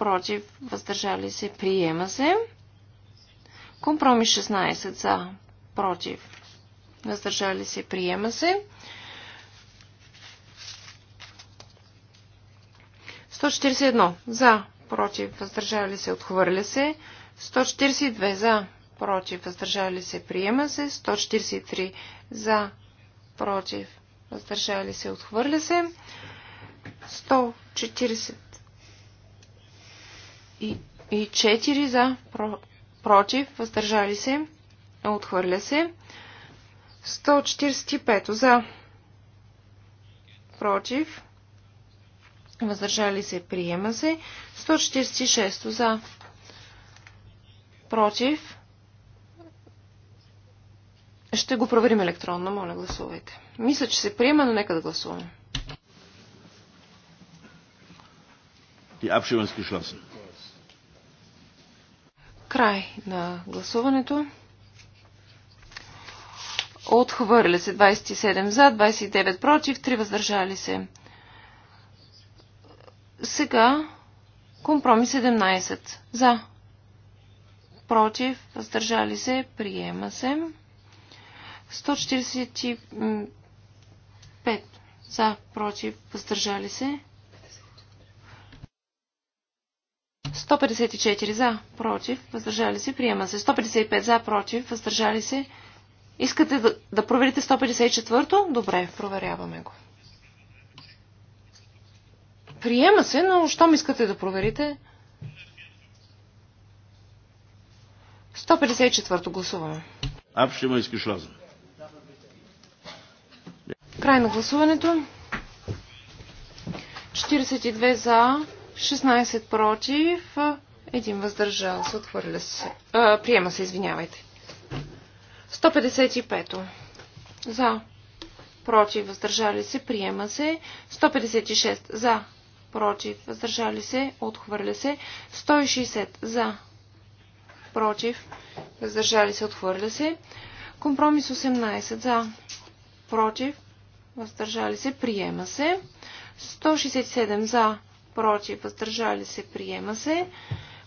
против, въздържали се, приема се. Компромис 16 за, против, въздържали се, приема се. 141 за, против, въздържали се, отхвърля се. 142 за, против, въздържали се, приема се. 143 за, против, въздържали се, отхвърля се. 140 и, 4 за, про, против, въздържали се, отхвърля се. 145 за, против, въздържали се, приема се. 146 за, против. Ще го проверим електронно, моля гласувайте. Мисля, че се приема, но нека да гласуваме. Die Abstimmung ist geschlossen. Край на гласуването. Отхвърля се 27 за, 29 против, 3 въздържали се. Сега компромис 17 за, против, въздържали се, приема се. 145 за, против, въздържали се, 154 за, против, въздържали се, приема се. 155 за, против, въздържали се. Искате да, да проверите 154-то? Добре, проверяваме го. Приема се, но щом искате да проверите? 154-то гласуваме. Абшема изкишлаза. Край на гласуването. 42 за, 16 против, един въздържал се, отхвърля се. А, приема се, извинявайте. 155. За. Против, въздържали се, приема се. 156. За. Против, въздържали се, отхвърля се. 160. За. Против, въздържали се, отхвърля се. Компромис 18. За. Против, въздържали се, приема се. 167. За против, въздържали се, приема се.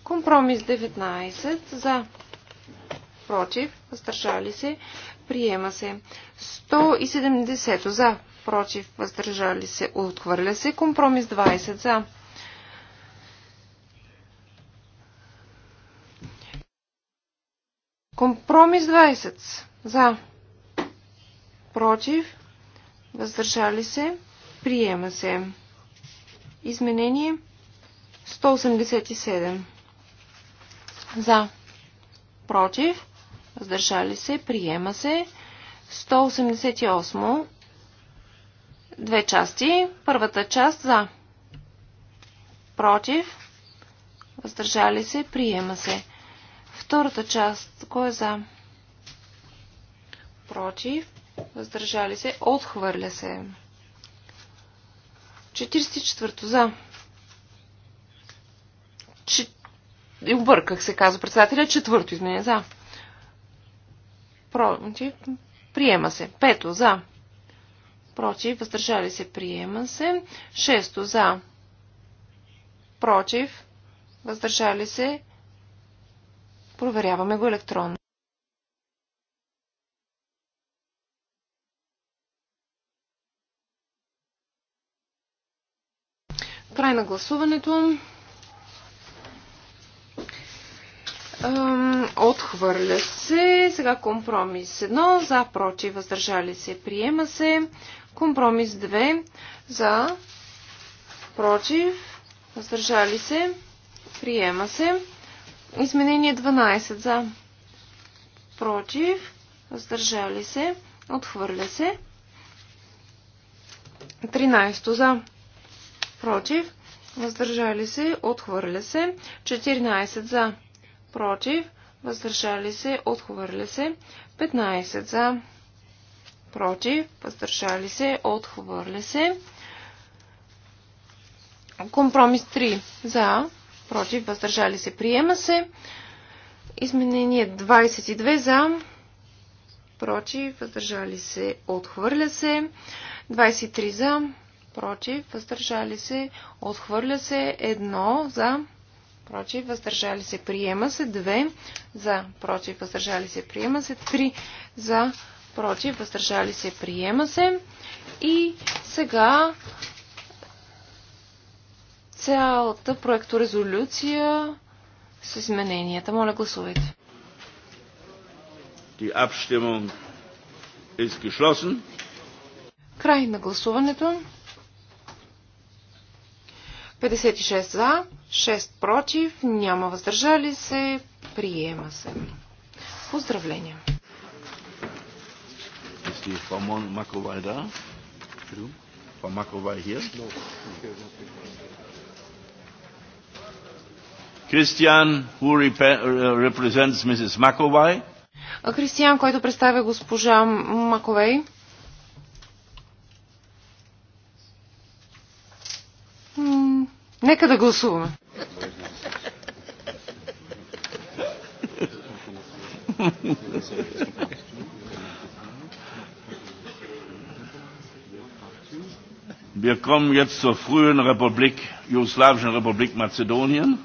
Компромис 19 за против, въздържали се, приема се. 170 за против, въздържали се, отхвърля се. Компромис 20 за Компромис 20 за против, въздържали се, приема се. Изменение 187. За. Против. Въздържали се. Приема се. 188. Две части. Първата част за. Против. Въздържали се. Приема се. Втората част. Кой е за? Против. Въздържали се. Отхвърля се. 44-то за. Че... Обърках се, казва председателя. Четвърто изменение за. Против. Приема се. Пето за. Против. Въздържали се. Приема се. Шесто за. Против. Въздържали се. Проверяваме го електронно. Край на гласуването. Отхвърля се. Сега компромис 1. За, против, въздържали се. Приема се. Компромис 2. За, против, въздържали се. Приема се. Изменение 12. За, против, въздържали се. Отхвърля се. 13. За, против, въздържали се, отхвърля се. 14 за, против, въздържали се, отхвърля се. 15 за, против, въздържали се, отхвърля се. Компромис 3 за, против, въздържали се, приема се. Изменение 22 за, против, въздържали се, отхвърля се. 23 за, против, въздържали се, отхвърля се едно за, против, въздържали се, приема се две за, против, въздържали се, приема се три за, против, въздържали се, приема се. И сега цялата проекторезолюция с измененията. Моля, гласувайте. Die Abstimmung ist geschlossen. Край на гласуването. 56 за, 6 против, няма въздържали се, приема се. Поздравления! Кристиан, who Мисис Маковай. Кристиан, който представя госпожа Маковей. Нека да гласуваме. Wir kommen jetzt zur frühen Republik, Jugoslawischen Republik Mazedonien.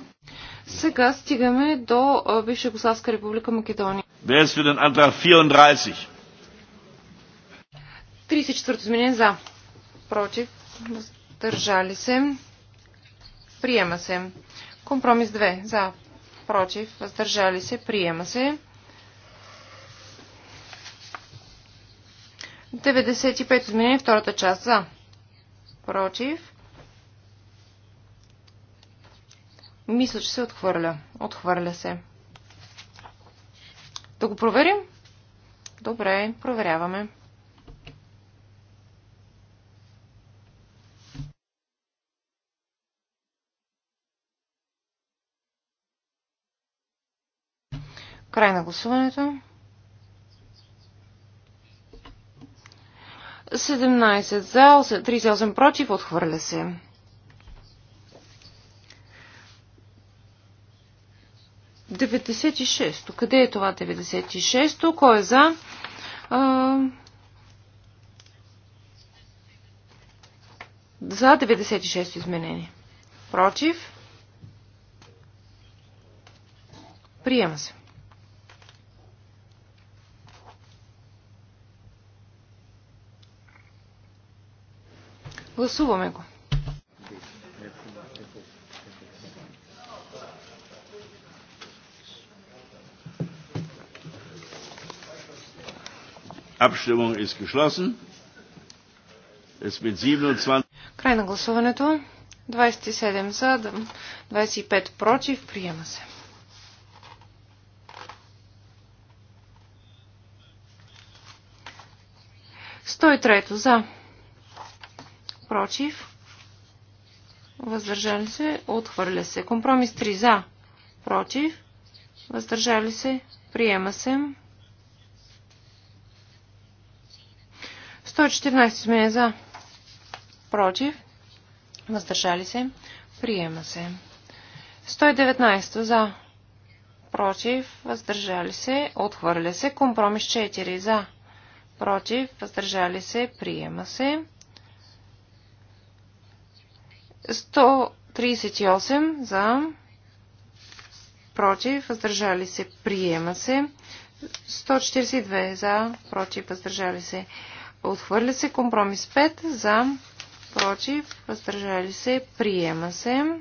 Сега стигаме до бивша Гославска република Македония. 34? 34 изменение за. Против. Държали се. Приема се. Компромис 2. За. Против. Въздържали се. Приема се. 95 изменения, Втората част. За. Против. Мисля, че се отхвърля. Отхвърля се. Да го проверим? Добре, проверяваме. Край на гласуването. 17 за, 38 против, отхвърля се. Деветдесет Къде е това 96-то? Кой е за? А... За 96-то изменение. Против? Приема се. Гласуваме го. Abstimmung ist geschlossen. Es mit 27... Край на гласуването. 27 за, 25 против. Приема се. Стой трето за против, въздържали се, отхвърля се. Компромис 3 за, против, въздържали се, приема се. 114 сме за, против, въздържали се, приема се. 119 за, против, въздържали се, отхвърля се. Компромис 4 за, против, въздържали се, приема се. 138 за, против, въздържали се, приема се. 142 за, против, въздържали се, отхвърля се. Компромис 5 за, против, въздържали се, приема се.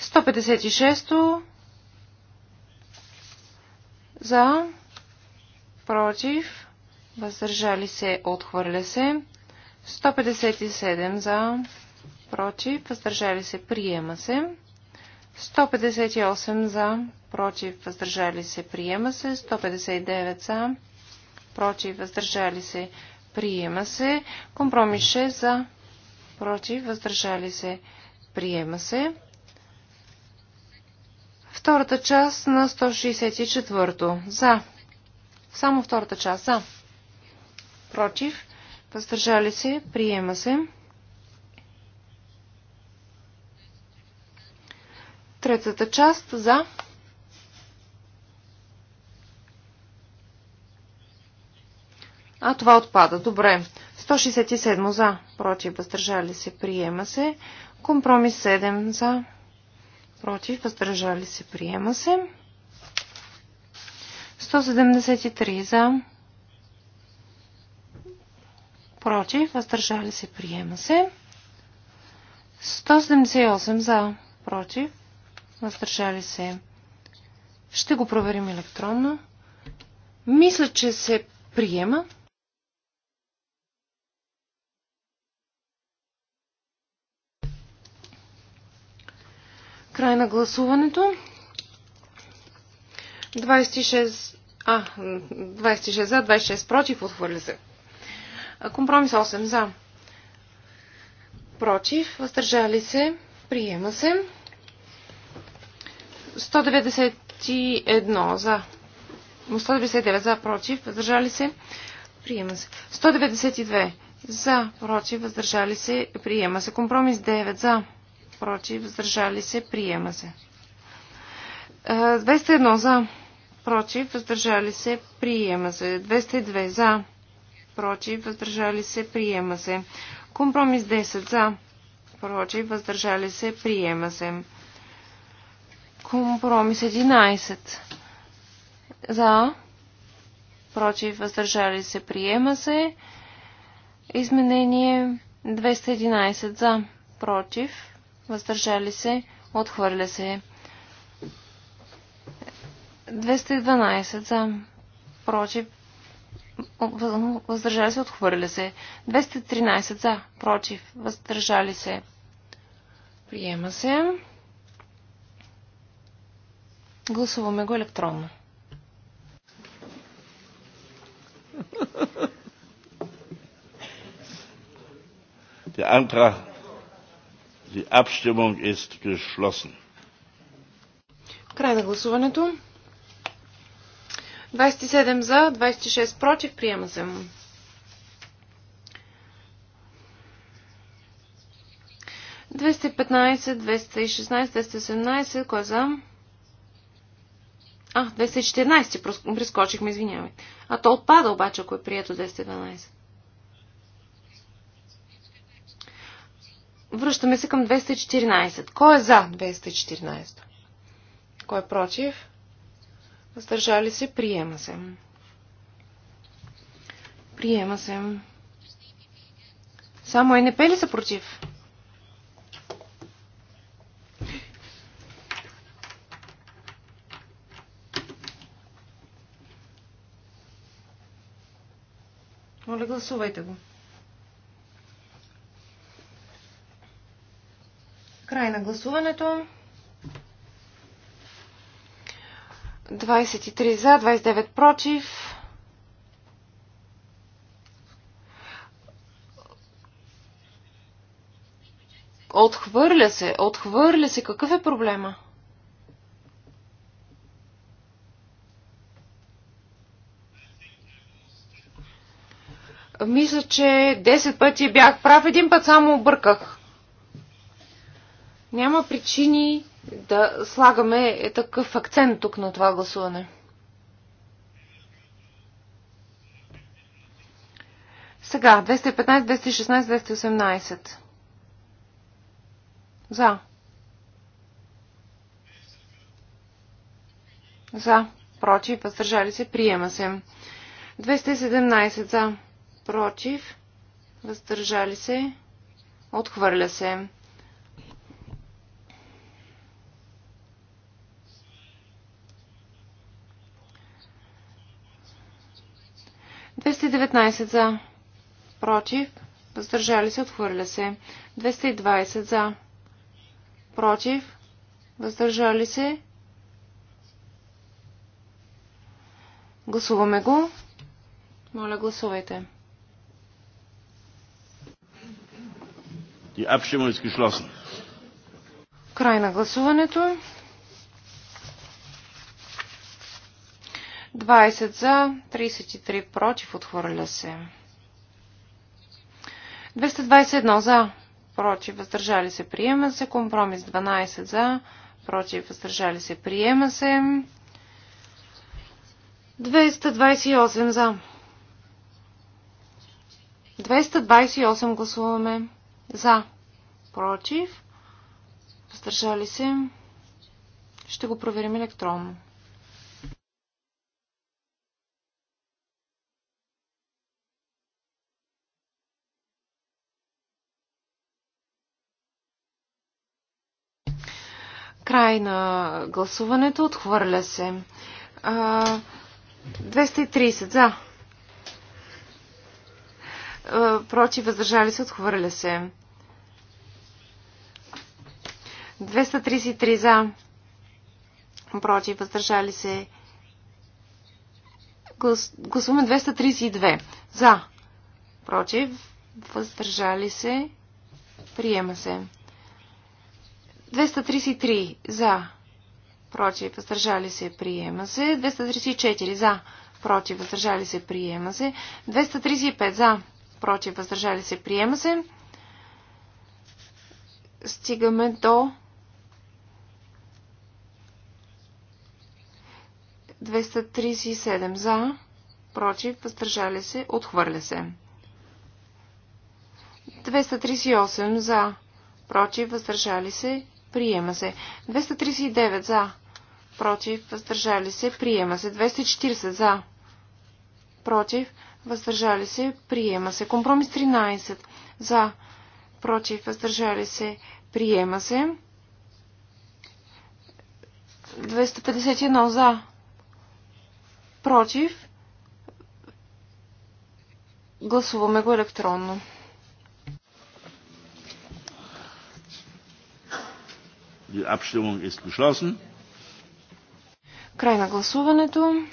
156 за, против, въздържали се, отхвърля се. 157 за, против, въздържали се, приема се. 158 за, против, въздържали се, приема се. 159 за, против, въздържали се, приема се. Компромис 6 за, против, въздържали се, приема се. Втората част на 164 за. Само втората част за. Против, Въздържали се. Приема се. Третата част за. А това отпада. Добре. 167 за. Против. Въздържали се. Приема се. Компромис 7 за. Против. Въздържали се. Приема се. 173 за против, въздържали се, приема се. 178 за, против, въздържали се. Ще го проверим електронно. Мисля, че се приема. Край на гласуването. 26, а, 26 за, 26 против, отхвърля се. Компромис 8 за. Против. Въздържали се. Приема се. 191 за. 199 за. Против. Въздържали се. Приема се. 192 за. Против. Въздържали се. Приема се. Компромис 9 за. Против. Въздържали се. Приема се. 201 е, за. Против. Въздържали се. Приема се. 202 за против, въздържали се, приема се. Компромис 10 за, против, въздържали се, приема се. Компромис 11 за, против, въздържали се, приема се. Изменение 211 за, против, въздържали се, отхвърля се. 212 за, против, въздържали се, отхвърля се. 213 за, против, въздържали се. Приема се. Гласуваме го електронно. Der Antrag, die Abstimmung ist geschlossen. Край на гласуването. 27 за, 26 против. Приема се. 215, 216-217, кой е за? А, 214 прескочихме, извинявай. А то отпада обаче, ако е прието 212. Връщаме се към 214. Кой е за 214? Кой е против? Въздържали се. Приема се. Приема се. Само е не ли са против? Моля, гласувайте го. Край на гласуването. 23 за, 29 против. Отхвърля се, отхвърля се. Какъв е проблема? Мисля, че 10 пъти бях прав, един път само обърках. Няма причини да слагаме е такъв акцент тук на това гласуване. Сега, 215, 216, 218. За. За. Против. Въздържали се. Приема се. 217 за. Против. Въздържали се. Отхвърля се. 219 за. Против. Въздържали се. Отхвърля се. 220 за. Против. Въздържали се. Гласуваме го. Моля, гласувайте. Die Abstimmung ist geschlossen. Край на гласуването. 20 за, 33 против, отхвърля се. 221 за, против, въздържали се, приема се. Компромис 12 за, против, въздържали се, приема се. 228 за. 228 гласуваме за, против, въздържали се. Ще го проверим електронно. Край на гласуването. Отхвърля се. 230 за. Против, въздържали се, отхвърля се. 233 за. Против, въздържали се. Гласуваме 232. За. Против, въздържали се. Приема се. 233 за, против, въздържали се, приема се. 234 за, против, въздържали се, приема се. 235 за, против, въздържали се, приема се. Стигаме до 237 за, против, въздържали се, отхвърля се. 238 за, против, въздържали се, Приема се. 239 за. Против. Въздържали се. Приема се. 240 за. Против. Въздържали се. Приема се. Компромис 13. За. Против. Въздържали се. Приема се. 251 за. Против. Гласуваме го електронно. Die Abstimmung ist geschlossen. Край на гласуването.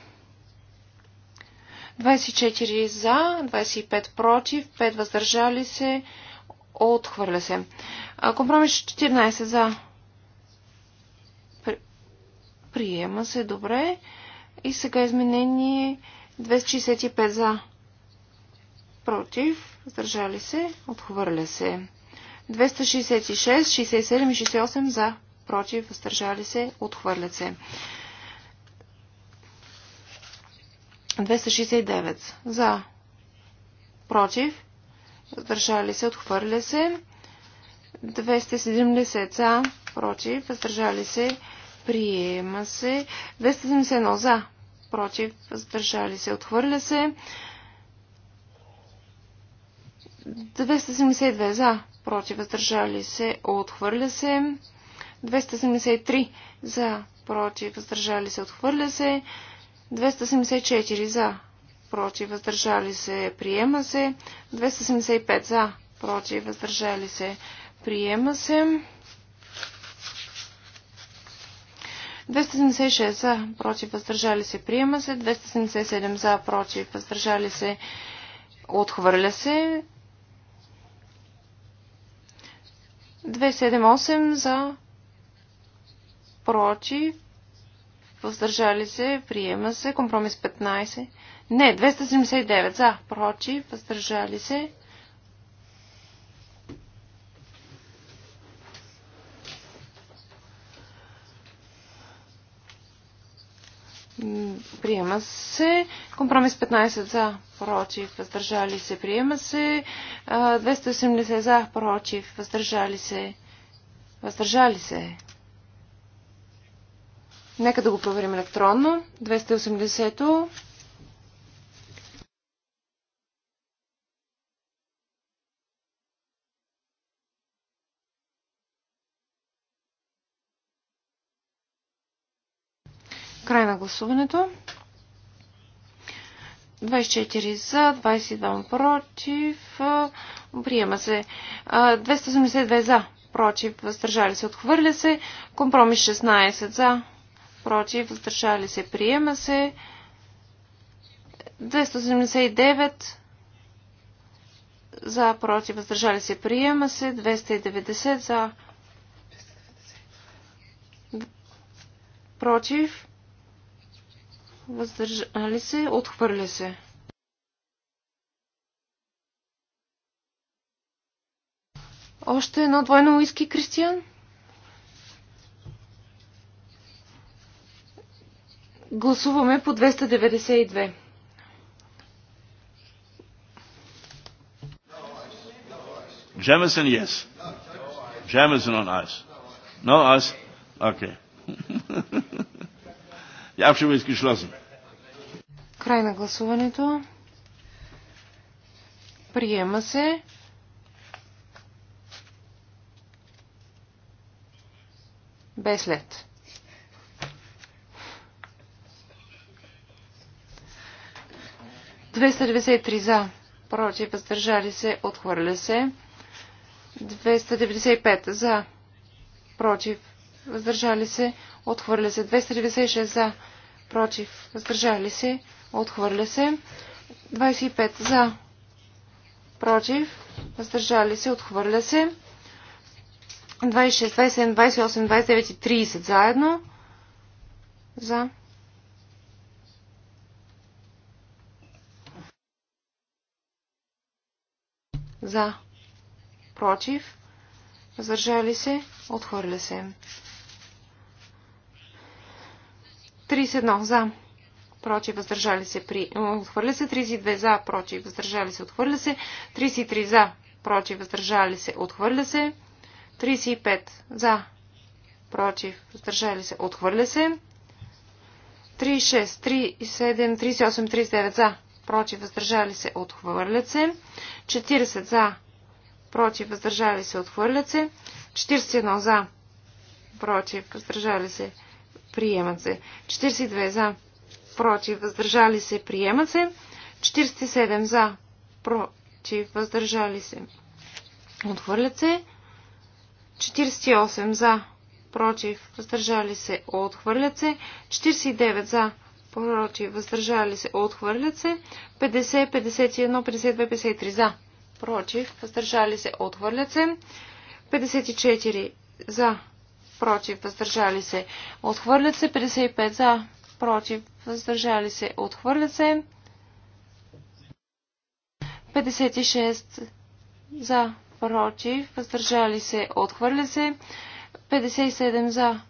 24 за, 25 против, 5 въздържали се, отхвърля се. Компромис 14 за. Приема се, добре. И сега изменение 265 за. Против, въздържали се, отхвърля се. 266, 67 и 68 за против, въздържали се, отхвърлят се. 269 за, против, въздържали се, отхвърля се. 270 за, против, въздържали се, приема се. 271 за, против, въздържали се, отхвърля се. 272 за, против, въздържали се, отхвърля се. 273 за, против, въздържали се, отхвърля се. 274 за, против, въздържали се, приема се. 275 за, против, въздържали се, приема се. 276 за, против, въздържали се, приема се. 277 за, против, въздържали се, отхвърля се. 278 за, против, въздържали се, приема се. Компромис 15. Не, 279 за, против, въздържали се. Приема се. Компромис 15 за, против, въздържали се. Приема се. 280 за, против, въздържали се. Въздържали се. Нека да го проверим електронно. 280-то. Край на гласуването. 24 за, 22 против. Приема се. 282 за, против, въздържали се, отхвърля се. Компромис 16 за, против, въздържали се, приема се. 279 за, против, въздържали се, приема се. 290 за, против, въздържали се, отхвърля се. Още едно двойно уиски, Кристиан? Гласуваме по 292. Jemison, yes. Jemison on ice. No ice? Okay. Die Abstimmung ist geschlossen. Край на гласуването. Приема се. Без след. 293 за, против, въздържали се, отхвърля се. 295 за, против, въздържали се, отхвърля се. 296 за, против, въздържали се, отхвърля се. 25 за, против, въздържали се, отхвърля се. 26, 27, 28, 29 и 30 заедно. За, За. Против. Въздържали се. Отхвърля се. 31. За. Против. Въздържали се. При... Отхвърля се. 32. За. Против. Въздържали се. Отхвърля се. 33. За. Против. Въздържали се. Отхвърля се. 35. За. Против. Въздържали се. Отхвърля се. 36, 37, 38, 39 за против, въздържали се, отхвърлят се. 40 за, против, въздържали се, отхвърлят се. 41 за, против, въздържали се, приемат се. 42 за, против, въздържали се, приемат се. 47 за, против, въздържали се, отхвърлят се. 48 за, против, въздържали се, отхвърлят се. 49 за, против, въздържали се, отхвърлят се. 50, 51, 52, 53 за, против, въздържали се, отхвърлят се. 54 за, против, въздържали се, отхвърлят се. 55 за, против, въздържали се, отхвърлят се. 56 за, против, въздържали се, отхвърля се. 57 за,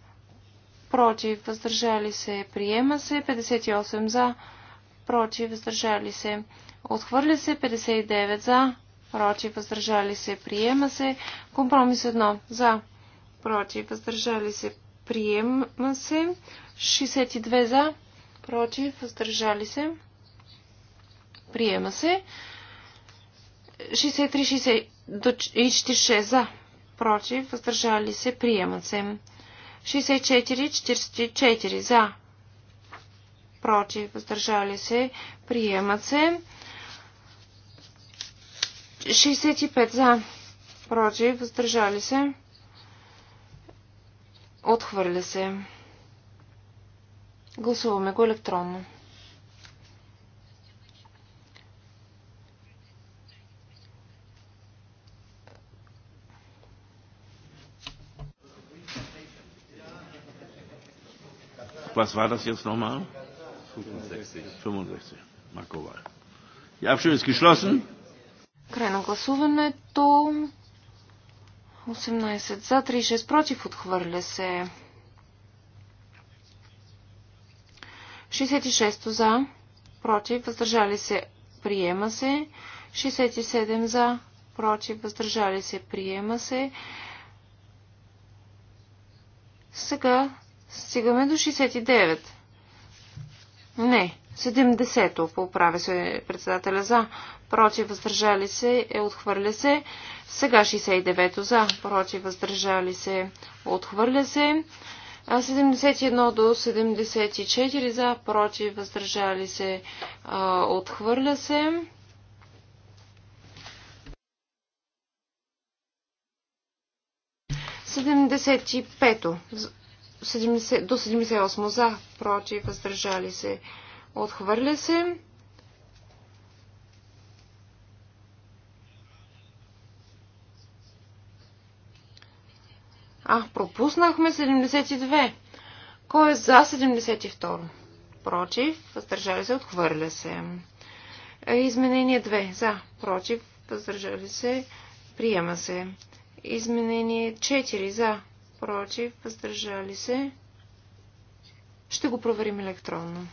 против, въздържали се, приема се, 58 за, против, въздържали се, отхвърля се, 59 за, против, въздържали се, приема се, компромис 1 за, против, въздържали се, приема се, 62 за, против, въздържали се, приема се, 63 66 и 46 за, против, въздържали се, приема се. 64-44 за. Против. Въздържали се. Приемат се. 65 за. Против. Въздържали се. Отхвърля се. Гласуваме го електронно. Was war das jetzt nochmal? 65. 65. Die Abstimmung ist geschlossen. Край на гласуването. 18 за, 36 против, отхвърля се. 66 за, против, въздържали се, приема се. 67 за, против, въздържали се, приема се. Сега Стигаме до 69. Не, 70-то поправя се председателя за. Против въздържали се е отхвърля се. Сега 69-то за. Против въздържали се отхвърля се. 71 до 74 за. Против въздържали се отхвърля се. Седемдесет и пето. 70, до 78 за, против, въздържали се, отхвърля се. А, пропуснахме 72. Кой е за 72? Против, въздържали се, отхвърля се. Изменение 2. За, против, въздържали се, приема се. Изменение 4. За, против, въздържали се. Ще го проверим електронно.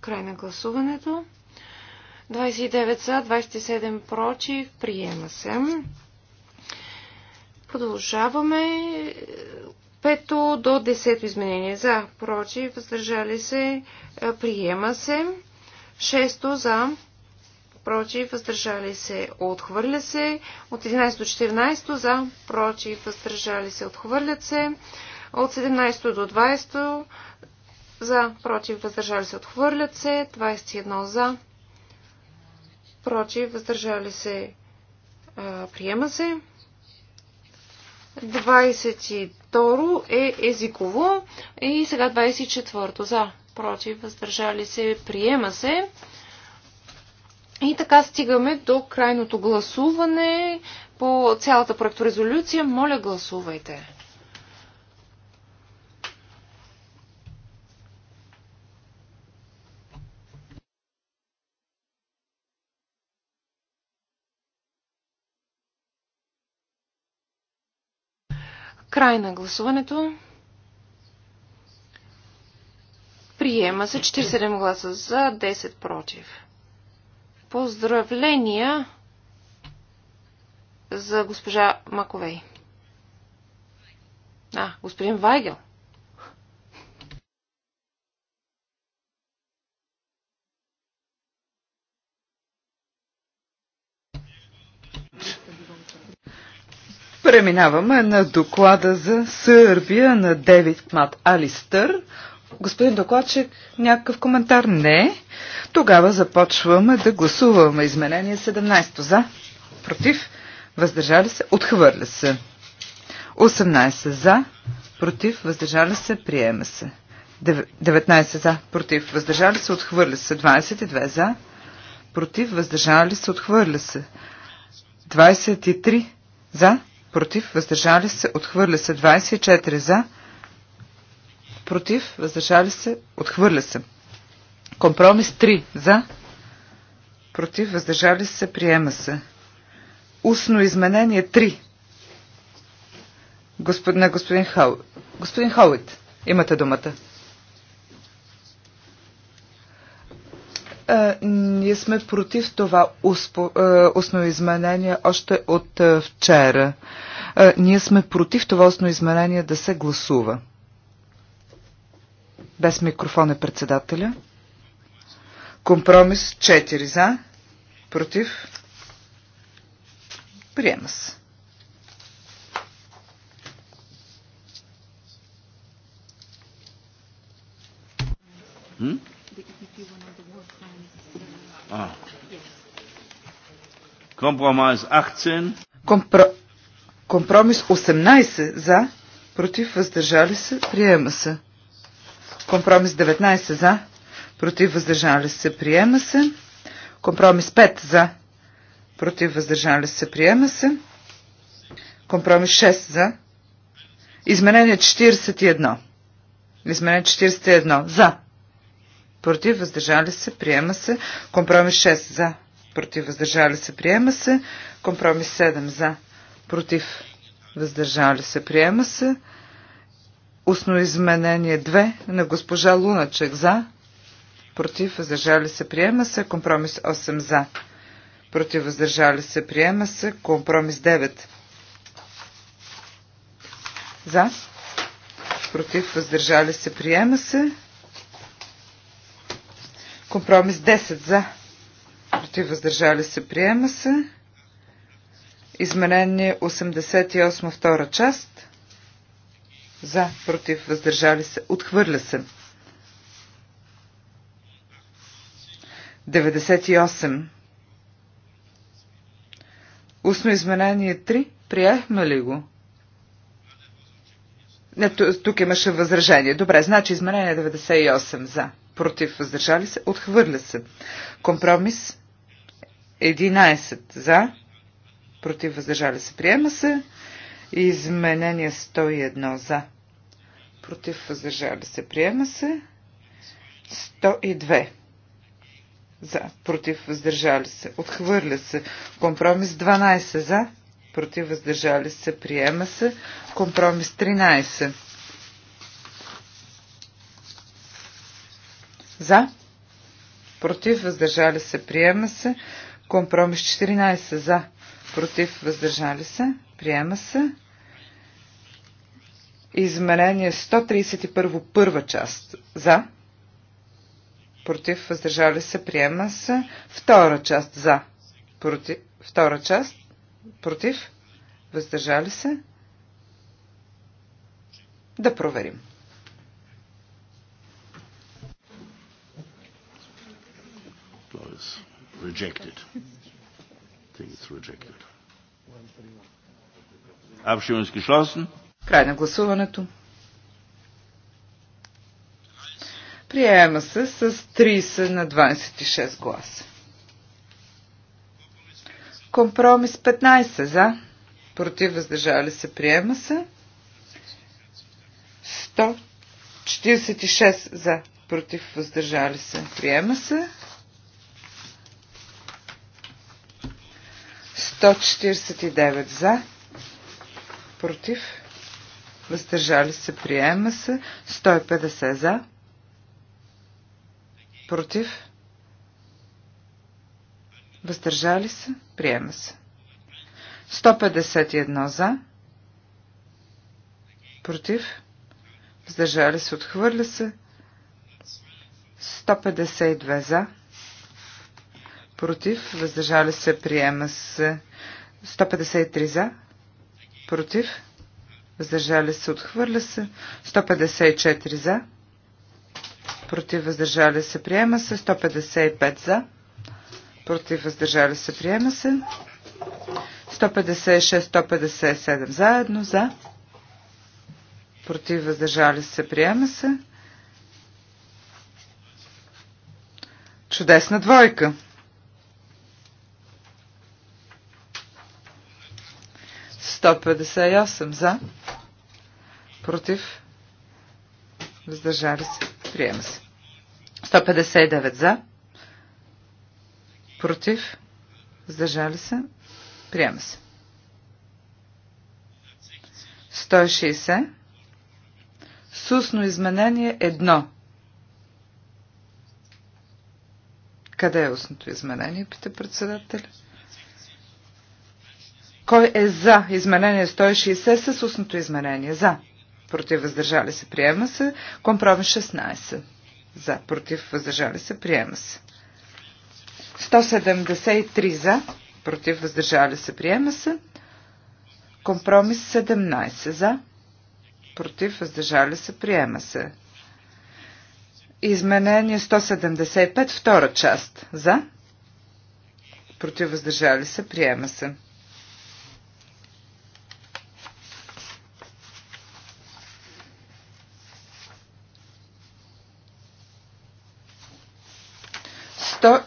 Край на гласуването. 29 са, 27 против. Приема се. Продължаваме Пето до десето изменение за, против, въздържали се, е, приема се. Шесто за, против, въздържали се, отхвърля се. От 11 до 14 за, против, въздържали се, отхвърлят се. От 17 до 20 за, против, въздържали се, отхвърлят се. 21 за, против, въздържали се, е, приема се. 22 е езиково и сега 24 за, против, въздържали се, приема се. И така стигаме до крайното гласуване по цялата проекторезолюция. Моля, гласувайте. Край на гласуването. Приема се 47 гласа за, 10 против. Поздравления за госпожа Маковей. А, господин Вайгел. Преминаваме на доклада за Сърбия на Девид Мат Алистър. Господин докладчик, някакъв коментар? Не. Тогава започваме да гласуваме изменение 17 за, против, въздържали се, отхвърля се. 18 за, против, въздържали се, приема се. 19 за, против, въздържали се, отхвърля се. 22 за, против, въздържали се, отхвърля се. 23 за, против, въздържали се, отхвърля се. 24 за, против, въздържали се, отхвърля се. Компромис 3 за, против, въздържали се, приема се. Устно изменение 3 Господ, на господин Хау. Господин имате думата. Е, ние сме против това е, устно още от е, вчера. Ние сме против това устно да се гласува. Без микрофон е председателя. Компромис 4 за. Против. Приема се. Hmm? Ah. Компромис 18. Компро... Компромис 18 за, против, въздържали се, приема се. Компромис 19 за, против, въздържали се, приема се. Компромис 5 за, против, въздържали се, приема се. Компромис 6 за. Изменение 41. Изменение 41 за против, въздържали се, приема се. Компромис 6 за, против, въздържали се, приема се. Компромис 7 за, против, въздържали се, приема се. Устно изменение 2 на госпожа Луначек за, против, въздържали се, приема се. Компромис 8 за, против, въздържали се, приема се. Компромис 9 за, против, въздържали се, приема се. Компромис 10 за. Против въздържали се. Приема се. Изменение 88 втора част. За. Против въздържали се. Отхвърля се. 98. Устно изменение 3. Приехме ли го? Не, тук имаше възражение. Добре, значи изменение 98 за против, въздържали се, отхвърля се. Компромис 11 за, против, въздържали се, приема се. Изменение 101 за, против, въздържали се, приема се. 102 за, против, въздържали се, отхвърля се. Компромис 12 за, против, въздържали се, приема се. Компромис 13 За. Против. Въздържали се. Приема се. Компромис 14. За. Против. Въздържали се. Приема се. Изменение 131. Първа част. За. Против. Въздържали се. Приема се. Втора част. За. Против. Втора част. Против. Въздържали се. Да проверим. abstentions rejected. I think it's rejected. Abstimmung ist geschlossen. Край на гласуването. Приема се с 30 на 26 гласа. Компромис 15 за. Против въздържали се. Приема се. 146 за. Против въздържали се. Приема се. 149 за, против, въздържали се, приема се, 150 за, против, въздържали се, приема се, 151 за, против, въздържали се, отхвърля се, 152 за, против, въздържали се, приема се, 153 за, против, въздържали се, отхвърля се. 154 за, против, въздържали се, приема се. 155 за, против, въздържали се, приема се. 156-157 заедно за, против, въздържали се, приема се. Чудесна двойка. 158 за, против, въздържали се, приема се. 159 за, против, въздържали се, приема се. 160 Сусно изменение 1 Къде е устното изменение, пита председателя? Кой е за изменение 160 със устното изменение? За. Против въздържали се. Приема се. Компромис 16. За. Против въздържали се. Приема се. 173 за. Против въздържали се. Приема се. Компромис 17 за. Против въздържали се. Приема се. Изменение 175, втора част. За. Против въздържали се. Приема се.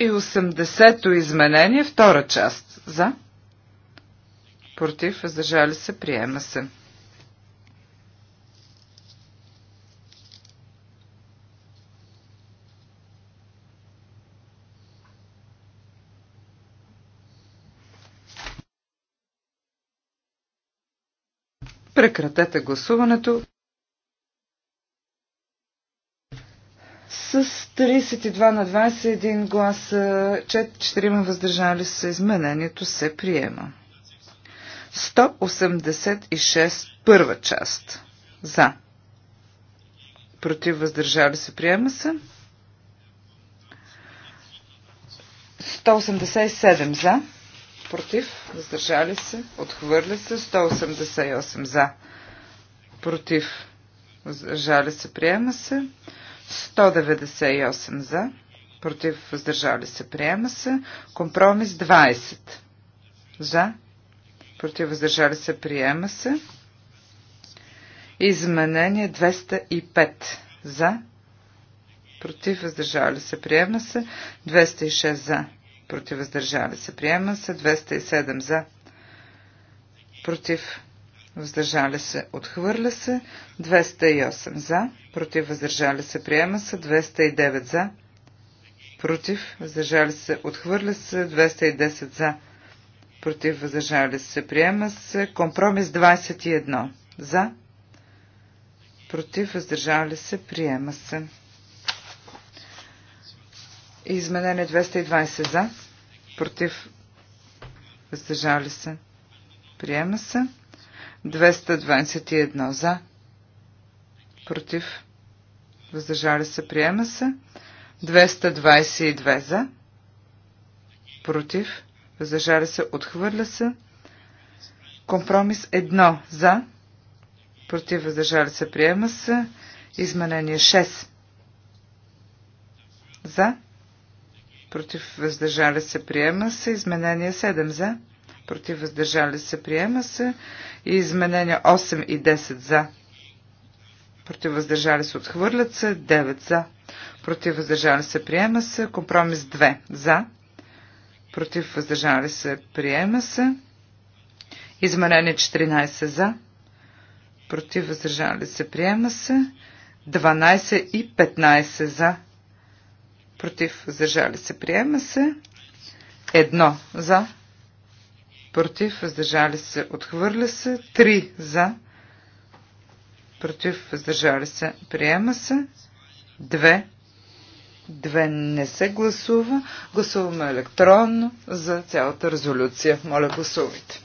180-то изменение, втора част. За. Против. Въздържали се. Приема се. Прекратете гласуването. с 32 на 21 гласа, 4 въздържали се, изменението се приема. 186 първа част. За. Против въздържали се, приема се. 187 за. Против въздържали се, отхвърля се. 188 за. Против въздържали се, приема се. 198 за, против, въздържали се, приема се. Компромис 20 за, против, въздържали се, приема се. Изменение 205 за, против, въздържали се, приема се. 206 за, против, въздържали се, приема се. 207 за, против, въздържали се, отхвърля се, 208 за, против, въздържали се, приема се, 209 за, против, въздържали се, отхвърля се, 210 за, против, въздържали се, приема се, компромис 21 за, против, въздържали се, приема се. Изменение 220 за, против, въздържали се, приема се. 221 за, против, въздържали се, приема се. 222 за, против, въздържали се, отхвърля се. Компромис 1 за, против, въздържали се, приема се. Изменение 6 за, против, въздържали се, приема се. Изменение 7 за против въздържали се, приема се. И изменения 8 и 10 за, против въздържали се, отхвърлят се, 9 за, против въздържали се, приема се. Компромис 2 за, против въздържали се, приема се. Изменение 14 за, против въздържали се, приема се. 12 и 15 за, против въздържали се, приема се. Едно за, против, въздържали се, отхвърля се. 3 за, против, въздържали се, приема се. 2. 2 не се гласува. Гласуваме електронно за цялата резолюция. Моля, гласувайте.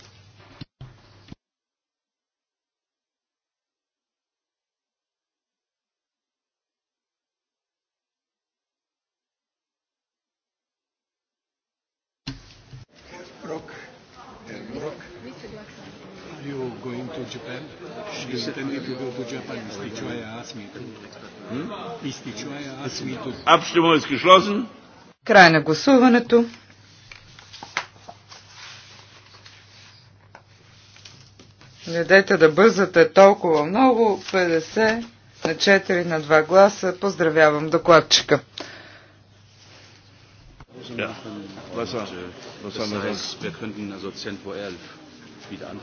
е Край на гласуването. Не дайте да бързате толкова много. 50 на 4 на 2 гласа. Поздравявам докладчика. Да. 11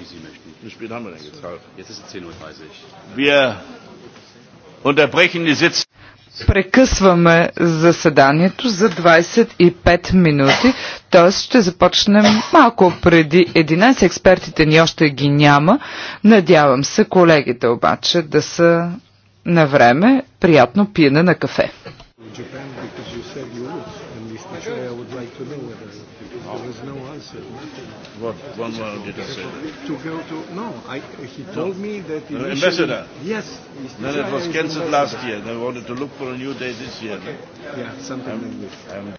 Wie Sie möchten. Wie spät haben wir denn jetzt Jetzt ist es 10.30 Uhr. Wir unterbrechen die Sitzung. Прекъсваме заседанието за 25 минути, т.е. ще започнем малко преди 11. Експертите ни още ги няма. Надявам се колегите обаче да са на време. Приятно пиене на кафе. Japan because you said you would. And Mr. Chair, I would like to know whether, there was no answer, What? One more did I say that? To go to, no, I, he told no. me that... The ambassador? Yes. Mr. Then it was cancelled last year. They wanted to look for a new day this year. Okay. Yeah, something I'm, like this. I'm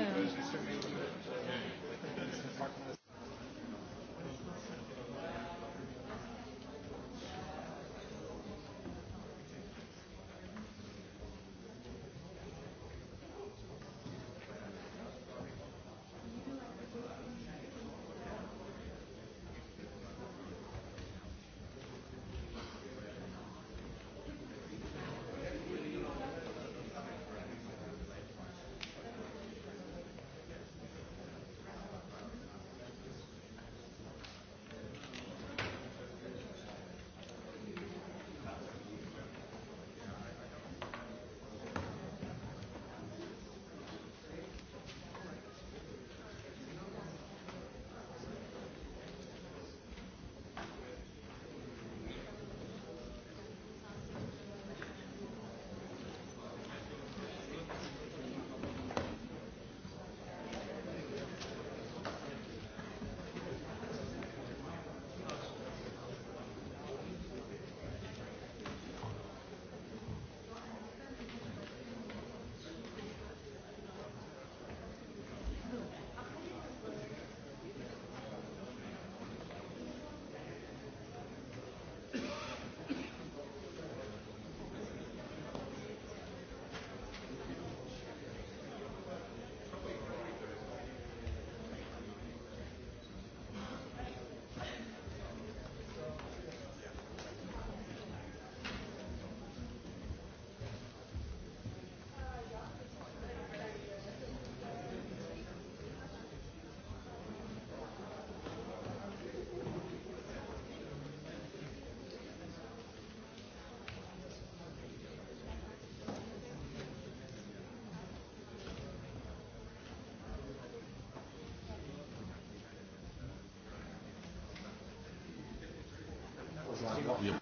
ja. Yok.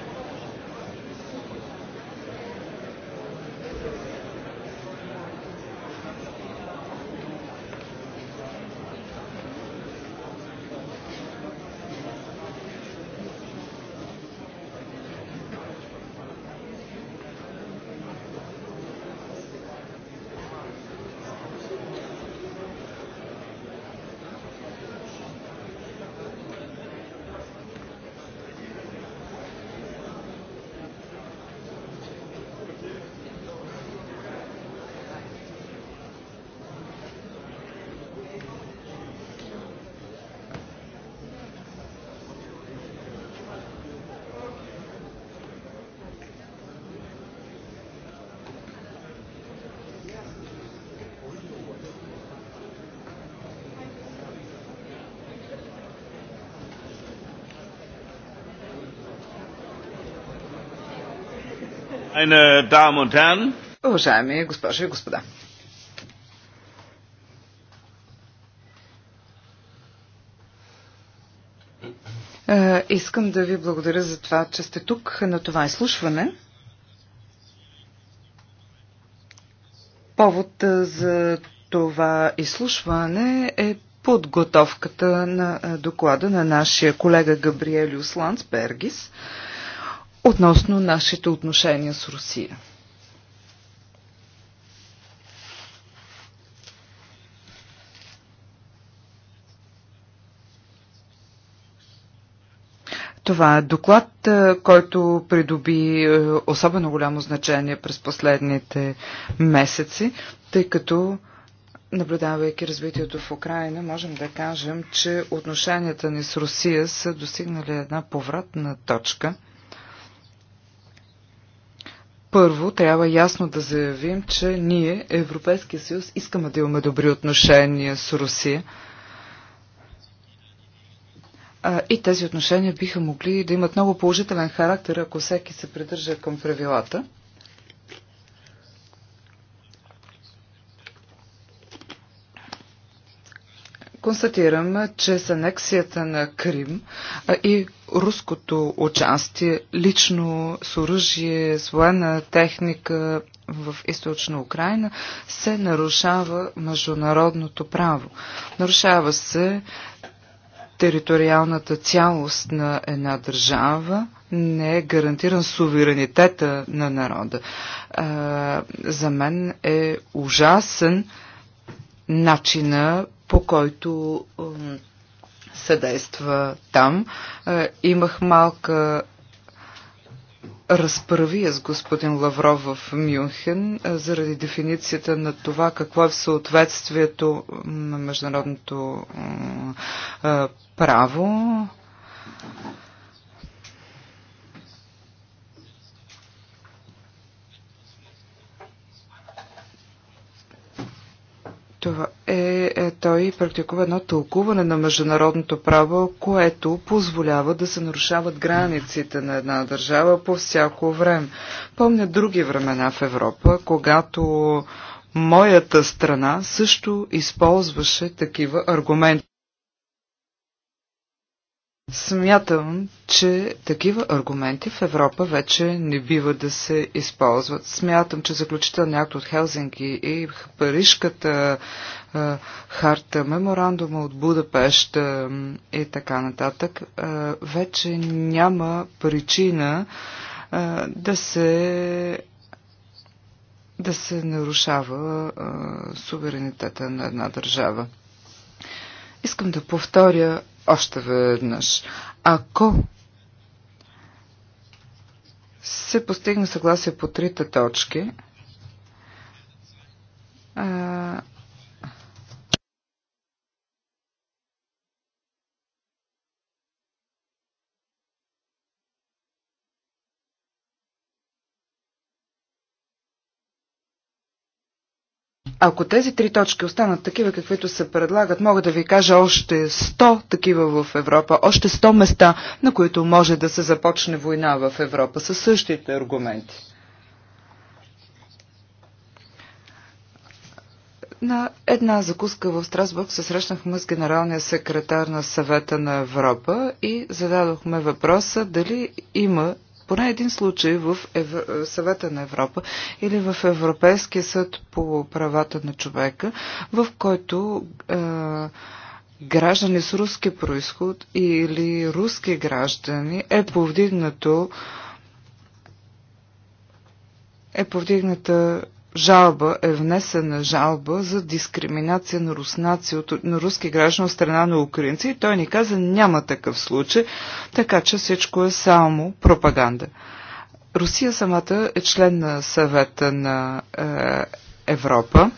Meine Damen und Herren. Уважаеми госпожи и господа. Е, искам да ви благодаря за това, че сте тук на това изслушване. Повод е, за това изслушване е подготовката на е, доклада на нашия колега Габриелиус Лансбергис. Бергис относно нашите отношения с Русия. Това е доклад, е, който придоби е, особено голямо значение през последните месеци, тъй като наблюдавайки развитието в Украина, можем да кажем, че отношенията ни с Русия са достигнали една повратна точка – първо, трябва ясно да заявим, че ние, Европейския съюз, искаме да имаме добри отношения с Русия. И тези отношения биха могли да имат много положителен характер, ако всеки се придържа към правилата. констатирам, че с анексията на Крим и руското участие лично с оръжие, с военна техника в източна Украина се нарушава международното право. Нарушава се териториалната цялост на една държава, не е гарантиран суверенитета на народа. А, за мен е ужасен начина по който съдейства там. Е, имах малка разправия с господин Лавров в Мюнхен е, заради дефиницията на това какво е в съответствието на международното е, право. Това е, е той практикува едно тълкуване на международното право, което позволява да се нарушават границите на една държава по всяко време. Помня други времена в Европа, когато моята страна също използваше такива аргументи. Смятам, че такива аргументи в Европа вече не бива да се използват. Смятам, че заключителният акт от Хелзинки и Парижката харта, меморандума от Будапешта и така нататък, вече няма причина да се да се нарушава суверенитета на една държава. Искам да повторя още веднъж. Ако се постигне съгласие по трите точки, а, Ако тези три точки останат такива, каквито се предлагат, мога да ви кажа още 100 такива в Европа, още 100 места, на които може да се започне война в Европа със същите аргументи. На една закуска в Страсбург се срещнахме с генералния секретар на съвета на Европа и зададохме въпроса дали има поне един случай в Ев... Съвета на Европа или в Европейския съд по правата на човека, в който е, граждани с руски происход или руски граждани е повдигнато е повдигната жалба е внесена жалба за дискриминация на руснаци от, на руски граждани от страна на украинци и той ни каза няма такъв случай, така че всичко е само пропаганда. Русия самата е член на съвета на е, Европа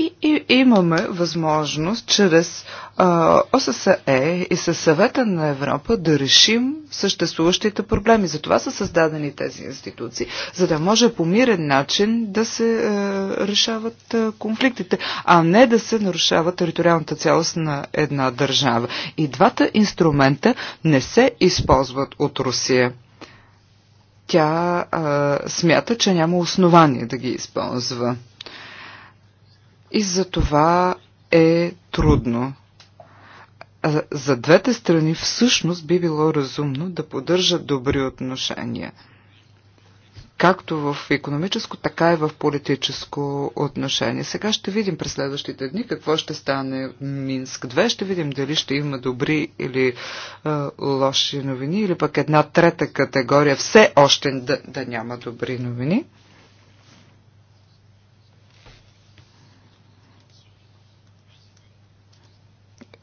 И, и имаме възможност чрез а, ОССЕ и със съвета на Европа да решим съществуващите проблеми. Затова са създадени тези институции, за да може по мирен начин да се а, решават а, конфликтите, а не да се нарушава териториалната цялост на една държава. И двата инструмента не се използват от Русия тя а, смята, че няма основание да ги използва. И за това е трудно. За двете страни всъщност би било разумно да поддържат добри отношения както в економическо, така и в политическо отношение. Сега ще видим през следващите дни какво ще стане в Минск 2. Ще видим дали ще има добри или е, лоши новини, или пък една трета категория все още да, да няма добри новини.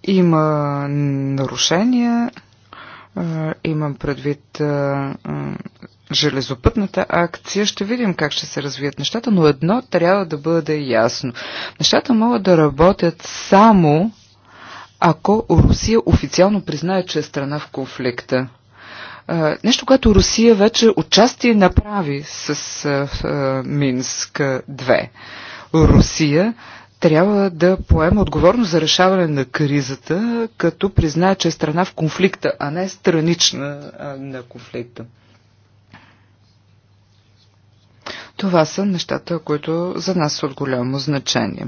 Има нарушения, имам предвид железопътната акция. Ще видим как ще се развият нещата, но едно трябва да бъде ясно. Нещата могат да работят само ако Русия официално признае, че е страна в конфликта. Нещо, което Русия вече отчасти направи с Минск 2. Русия трябва да поема отговорност за решаване на кризата, като признае, че е страна в конфликта, а не странична на конфликта. Това са нещата, които за нас са от голямо значение.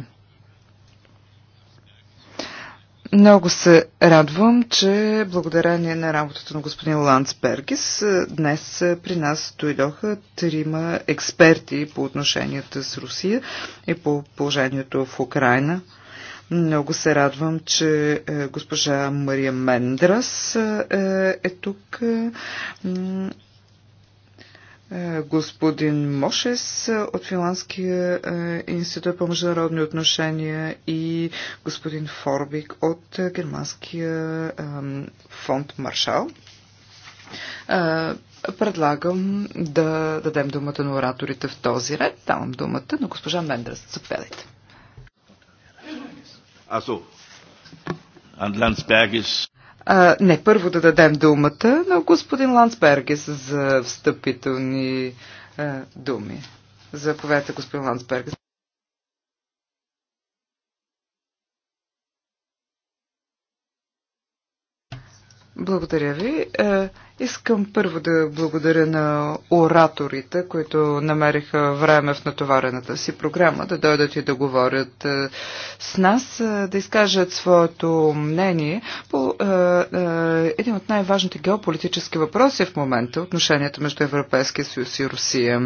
Много се радвам, че благодарение на работата на господин Ландсбергис е, днес е, при нас дойдоха трима експерти по отношенията с Русия и по положението в Украина. Много се радвам, че е, госпожа Мария Мендрас е тук. Е, господин Мошес от Финландския е, институт по международни отношения и господин Форбик от Германския е, фонд Маршал. Предлагам да дадем думата на ораторите в този ред. Давам думата на госпожа Мендрес. Заповядайте. Асо. Андландсбергис. А, не, първо да дадем думата на господин Ландсбергес за встъпителни а, думи. Заповядайте, господин Ландсбергес. Благодаря ви. Искам първо да благодаря на ораторите, които намериха време в натоварената си програма да дойдат и да говорят е, с нас, е, да изкажат своето мнение по е, е, един от най-важните геополитически въпроси в момента отношенията между Европейския съюз и Русия.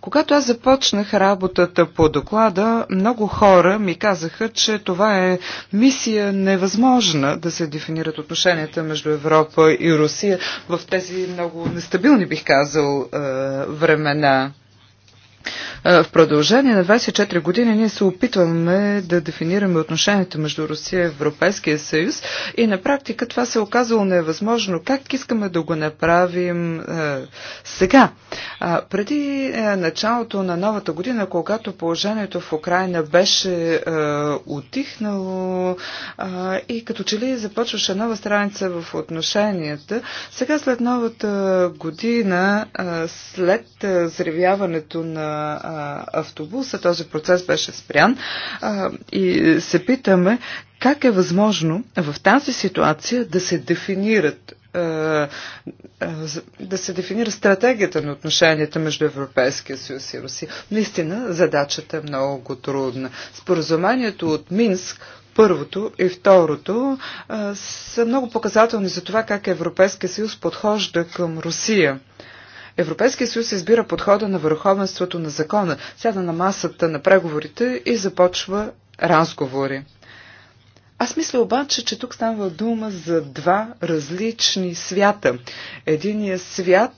Когато аз започнах работата по доклада, много хора ми казаха, че това е мисия невъзможна да се дефинират отношенията между Европа и Русия в в тези много нестабилни, бих казал, е, времена. Е, в продължение на 24 години ние се опитваме да дефинираме отношенията между Русия и Европейския съюз и на практика това се е оказало невъзможно. Как искаме да го направим е, сега? преди началото на новата година, когато положението в Украина беше отихнало и като че ли започваше нова страница в отношенията, сега след новата година, след взривяването на автобуса. Този процес беше спрян а, и се питаме как е възможно в тази ситуация да се дефинират да се дефинира стратегията на отношенията между Европейския съюз и Русия. Наистина задачата е много трудна. Споразумението от Минск, първото и второто, са много показателни за това как Европейския съюз подхожда към Русия. Европейския съюз избира подхода на върховенството на закона, сяда на масата на преговорите и започва разговори. Аз мисля обаче, че тук става дума за два различни свята. Единият свят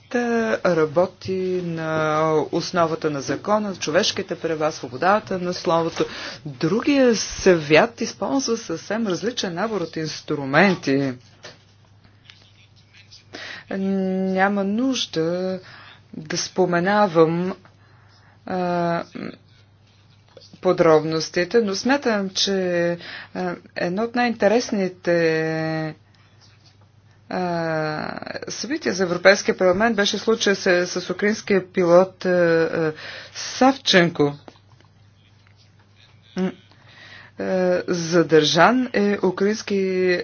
работи на основата на закона, човешките права, свободата на словото. Другия свят използва съвсем различен набор от инструменти няма нужда да споменавам а, подробностите, но смятам, че а, едно от най-интересните събития за Европейския парламент беше случая с, с украинския пилот а, а, Савченко. Е, задържан е украински е,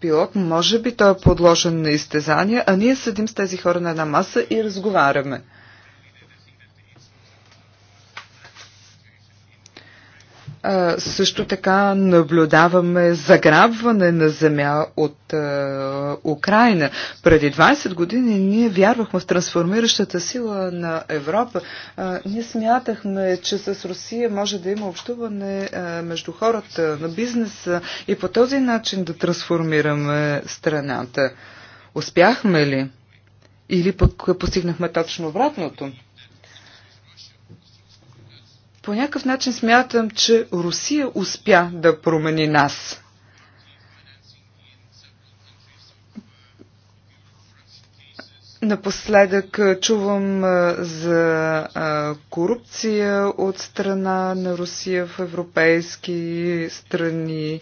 пилот. Може би той е подложен на изтезания, а ние седим с тези хора на една маса и разговаряме. също така наблюдаваме заграбване на земя от а, Украина. Преди 20 години ние вярвахме в трансформиращата сила на Европа. А, ние смятахме, че с Русия може да има общуване а, между хората, на бизнеса и по този начин да трансформираме страната. Успяхме ли? Или пък постигнахме точно обратното? По някакъв начин смятам, че Русия успя да промени нас. Напоследък чувам за корупция от страна на Русия в европейски страни,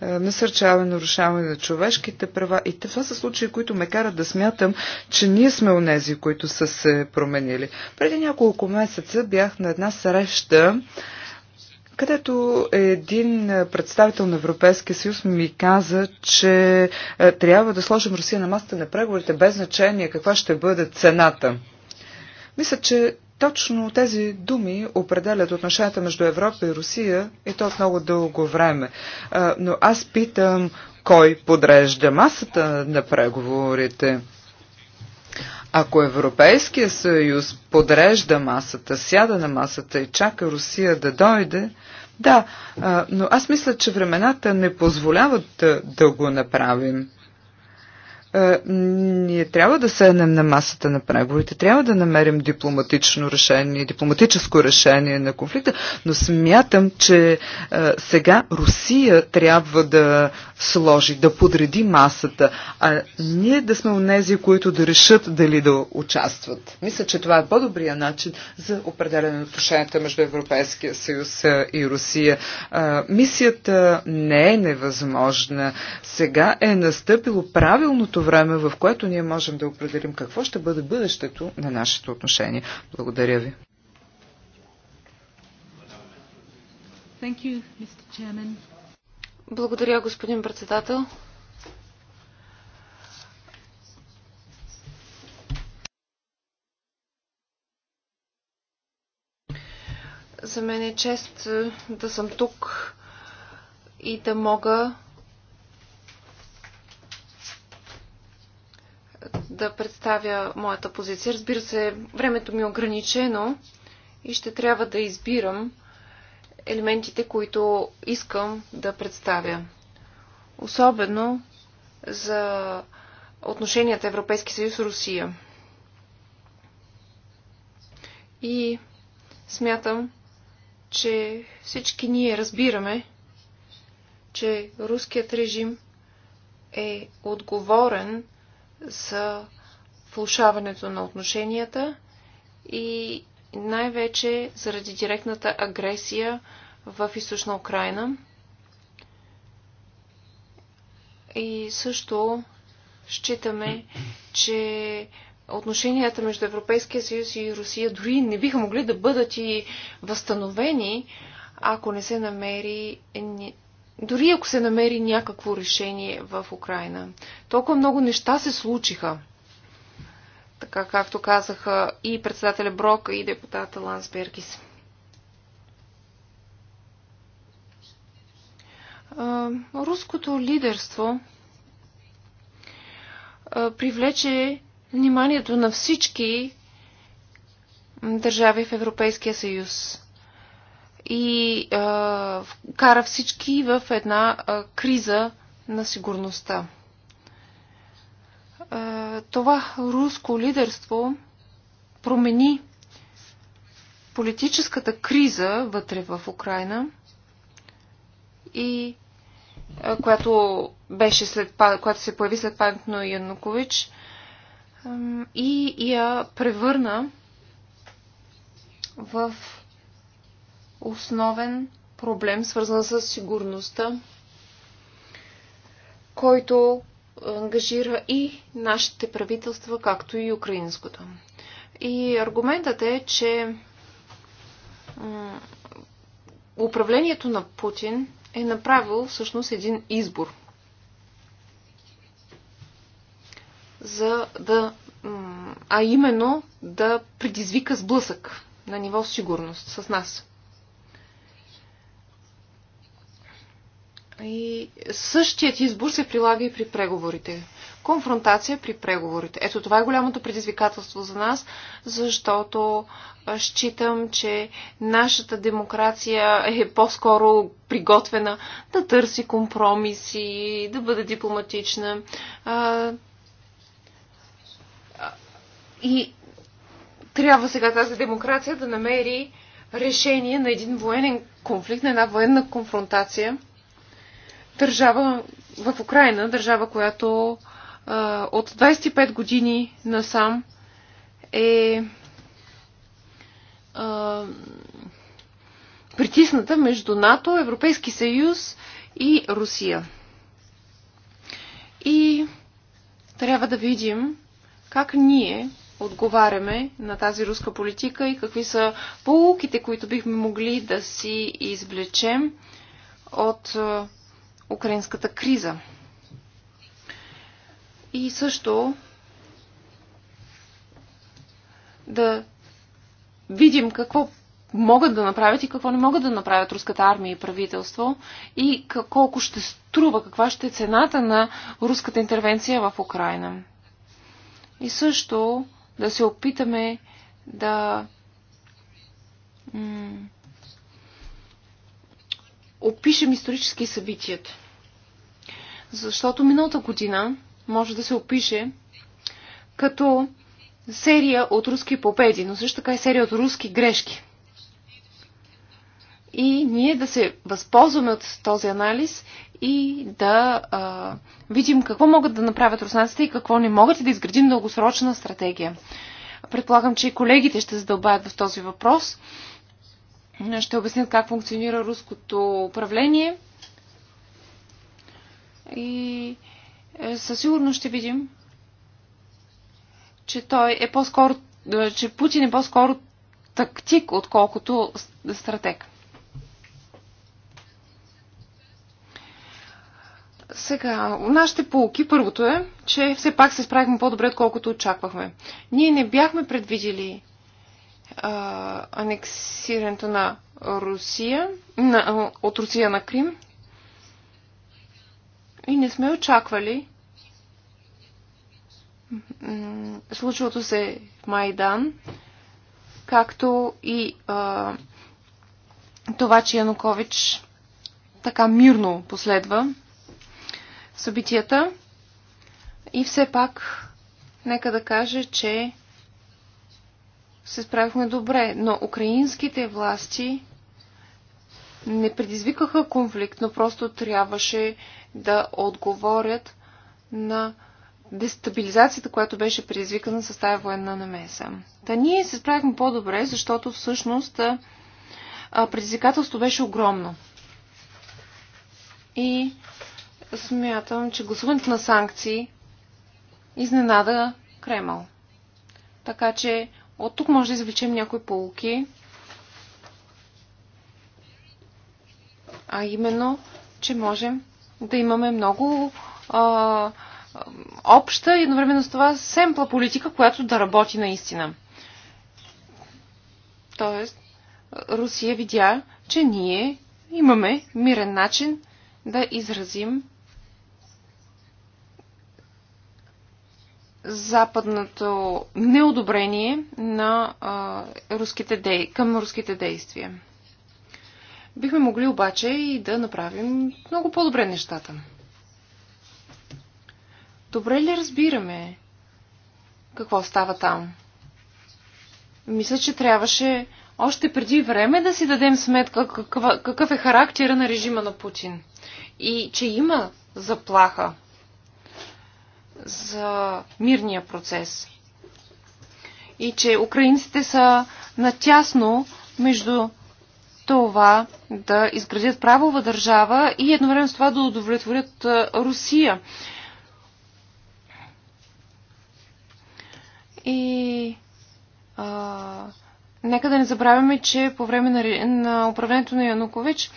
насърчаване, нарушаване на човешките права. И това са случаи, които ме карат да смятам, че ние сме у нези, които са се променили. Преди няколко месеца бях на една среща където един представител на Европейския съюз ми каза, че е, трябва да сложим Русия на масата на преговорите, без значение каква ще бъде цената. Мисля, че точно тези думи определят отношенията между Европа и Русия и то от много дълго време. Е, но аз питам, кой подрежда масата на преговорите? Ако Европейския съюз подрежда масата, сяда на масата и чака Русия да дойде, да, но аз мисля, че времената не позволяват да, го направим. Е, ние трябва да седнем на масата на преговорите, трябва да намерим дипломатично решение, дипломатическо решение на конфликта, но смятам, че а, е, сега Русия трябва да сложи, да подреди масата, а ние да сме нези, които да решат дали да участват. Мисля, че това е по-добрия начин за определяне на отношенията между Европейския съюз е, и Русия. А, мисията не е невъзможна. Сега е настъпило правилното време, в което ние можем да определим какво ще бъде бъдещето на нашето отношение. Благодаря ви. Thank you, Mr. Chairman. Благодаря, господин председател. За мен е чест е, да съм тук и да мога да представя моята позиция. Разбира се, времето ми е ограничено и ще трябва да избирам елементите, които искам да представя. Особено за отношенията Европейски съюз-Русия. И смятам, че всички ние разбираме, че руският режим е отговорен за влушаването на отношенията и най-вече заради директната агресия в източна Украина. И също считаме, че отношенията между Европейския съюз и Русия дори не биха могли да бъдат и възстановени, ако не се намери дори ако се намери някакво решение в Украина. Толкова много неща се случиха. Така както казаха и председателя Брок, и депутата Лансбергис. Руското лидерство привлече вниманието на всички държави в Европейския съюз и а, кара всички в една а, криза на сигурността. А, това руско лидерство промени политическата криза вътре в Украина и а, която беше след, която се появи след паметно на Янукович и я превърна в основен проблем, свързан с сигурността, който ангажира и нашите правителства, както и украинското. И аргументът е, че управлението на Путин е направил всъщност един избор за да, а именно да предизвика сблъсък на ниво сигурност с нас. И същият избор се прилага и при преговорите. Конфронтация при преговорите. Ето това е голямото предизвикателство за нас, защото считам, че нашата демокрация е по-скоро приготвена да търси компромиси, да бъде дипломатична. И трябва сега тази демокрация да намери решение на един военен конфликт, на една военна конфронтация – държава в Украина, държава, която а, от 25 години насам е а, притисната между НАТО, Европейски съюз и Русия. И трябва да видим как ние отговаряме на тази руска политика и какви са полуките, които бихме могли да си извлечем от украинската криза. И също да видим какво могат да направят и какво не могат да направят руската армия и правителство и колко ще струва, каква ще е цената на руската интервенция в Украина. И също да се опитаме да опишем исторически събитията. Защото миналата година може да се опише като серия от руски победи, но също така и серия от руски грешки. И ние да се възползваме от този анализ и да а, видим какво могат да направят руснаците и какво не могат и да изградим дългосрочна стратегия. Предполагам, че и колегите ще задълбаят в този въпрос ще обяснят как функционира руското управление. И е, със сигурност ще видим, че той е по-скоро, е, че Путин е по-скоро тактик, отколкото стратег. Сега, нашите полки, първото е, че все пак се справихме по-добре, отколкото очаквахме. Ние не бяхме предвидели а, анексирането на Русия, на, от Русия на Крим. И не сме очаквали случилото се в Майдан, както и а, това, че Янукович така мирно последва събитията. И все пак, нека да кажа, че се справихме добре, но украинските власти не предизвикаха конфликт, но просто трябваше да отговорят на дестабилизацията, която беше предизвикана с тази военна намеса. Та ние се справихме по-добре, защото всъщност предизвикателство беше огромно. И смятам, че гласуването на санкции изненада Кремъл. Така че от тук може да извлечем някои полки, а именно, че можем да имаме много а, обща и едновременно с това семпла политика, която да работи наистина. Тоест, Русия видя, че ние имаме мирен начин да изразим западното неодобрение на а, руските де... към руските действия. Бихме могли обаче и да направим много по-добре нещата. Добре ли разбираме какво става там? Мисля, че трябваше още преди време да си дадем сметка какъв, е характера на режима на Путин и че има заплаха за мирния процес. И че украинците са натясно между това да изградят правова държава и едновременно с това да удовлетворят Русия. И а, нека да не забравяме, че по време на, на управлението на Янукович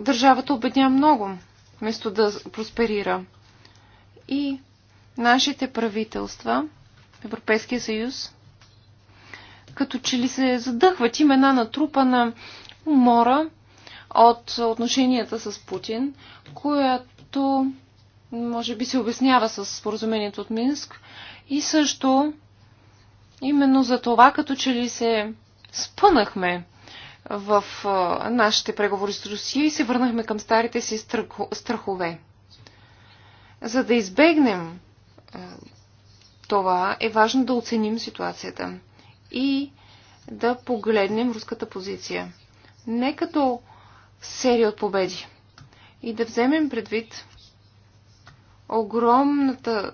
държавата обедня много, вместо да просперира. И нашите правителства, Европейския съюз, като че ли се задъхват имена на трупа на умора от отношенията с Путин, която може би се обяснява с споразумението от Минск и също именно за това, като че ли се спънахме в нашите преговори с Русия и се върнахме към старите си страхове. За да избегнем това е важно да оценим ситуацията и да погледнем руската позиция. Не като серия от победи. И да вземем предвид огромната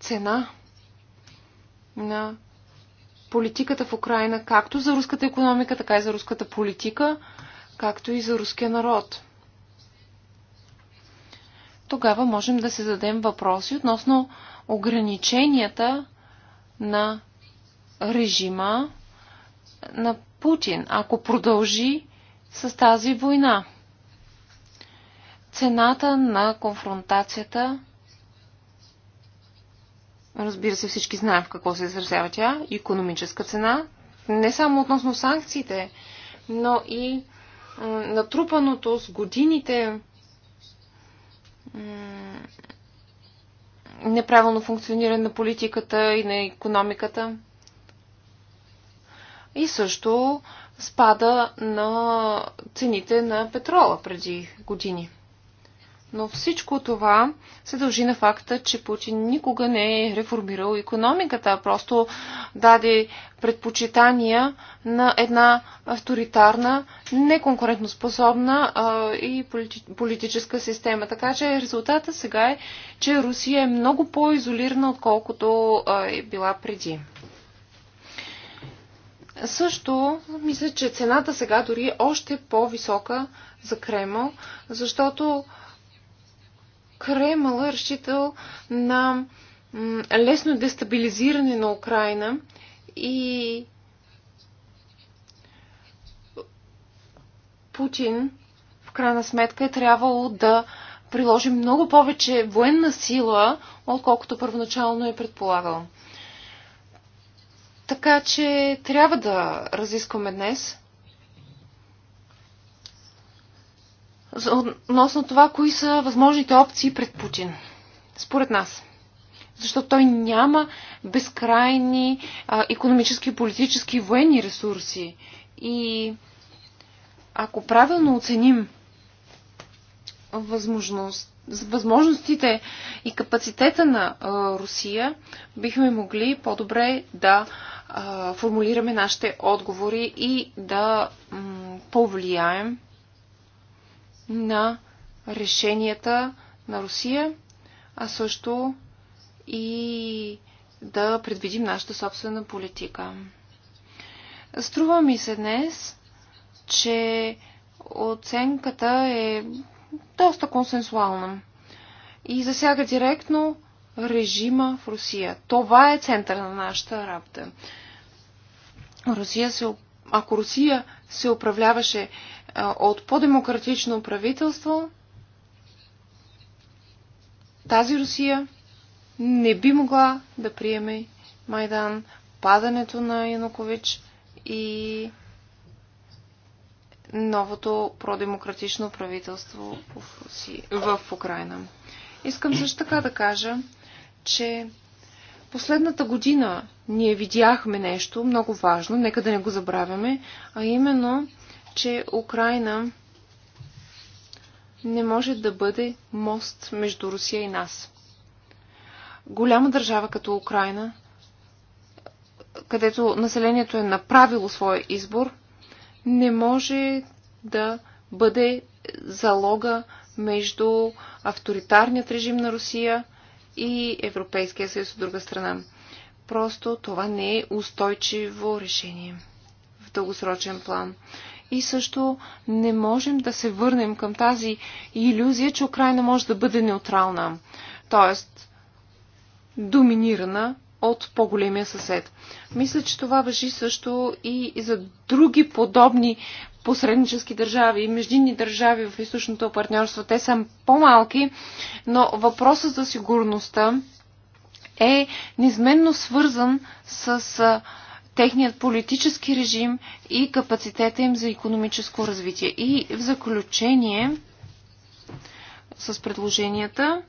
цена на политиката в Украина, както за руската економика, така и за руската политика, както и за руския народ. Тогава можем да се зададем въпроси относно ограниченията на режима на Путин, ако продължи с тази война. Цената на конфронтацията, разбира се, всички знаем в какво се изразява тя, економическа цена, не само относно санкциите, но и натрупаното с годините неправилно функциониране на политиката и на економиката. И също спада на цените на петрола преди години. Но всичко това се дължи на факта, че Путин никога не е реформирал економиката, просто даде предпочитания на една авторитарна, неконкурентоспособна а, и полити, политическа система. Така че резултата сега е, че Русия е много по-изолирана, отколкото а, е била преди. Също мисля, че цената сега дори е още по-висока за Кремъл, защото Кремъл е разчитал на лесно дестабилизиране на Украина и Путин в крайна сметка е трябвало да приложи много повече военна сила, отколкото първоначално е предполагал. Така че трябва да разискваме днес относно това, кои са възможните опции пред Путин. Според нас. Защото той няма безкрайни а, економически, политически и военни ресурси. И ако правилно оценим възможност, възможностите и капацитета на а, Русия, бихме могли по-добре да а, формулираме нашите отговори и да повлияем на решенията на Русия, а също и да предвидим нашата собствена политика. Струва ми се днес, че оценката е доста консенсуална и засяга директно режима в Русия. Това е центъра на нашата работа. Русия се, ако Русия се управляваше от по-демократично правителство, тази Русия не би могла да приеме Майдан, падането на Янукович и новото продемократично правителство в, Руси, в Украина. Искам също така да кажа, че последната година ние видяхме нещо много важно, нека да не го забравяме, а именно че Украина не може да бъде мост между Русия и нас. Голяма държава като Украина, където населението е направило своя избор, не може да бъде залога между авторитарният режим на Русия и Европейския съюз от друга страна. Просто това не е устойчиво решение в дългосрочен план и също не можем да се върнем към тази иллюзия, че Украина може да бъде неутрална, т.е. доминирана от по-големия съсед. Мисля, че това въжи също и за други подобни посреднически държави и междинни държави в източното партньорство. Те са по-малки, но въпросът за сигурността е неизменно свързан с техният политически режим и капацитета им за економическо развитие. И в заключение с предложенията,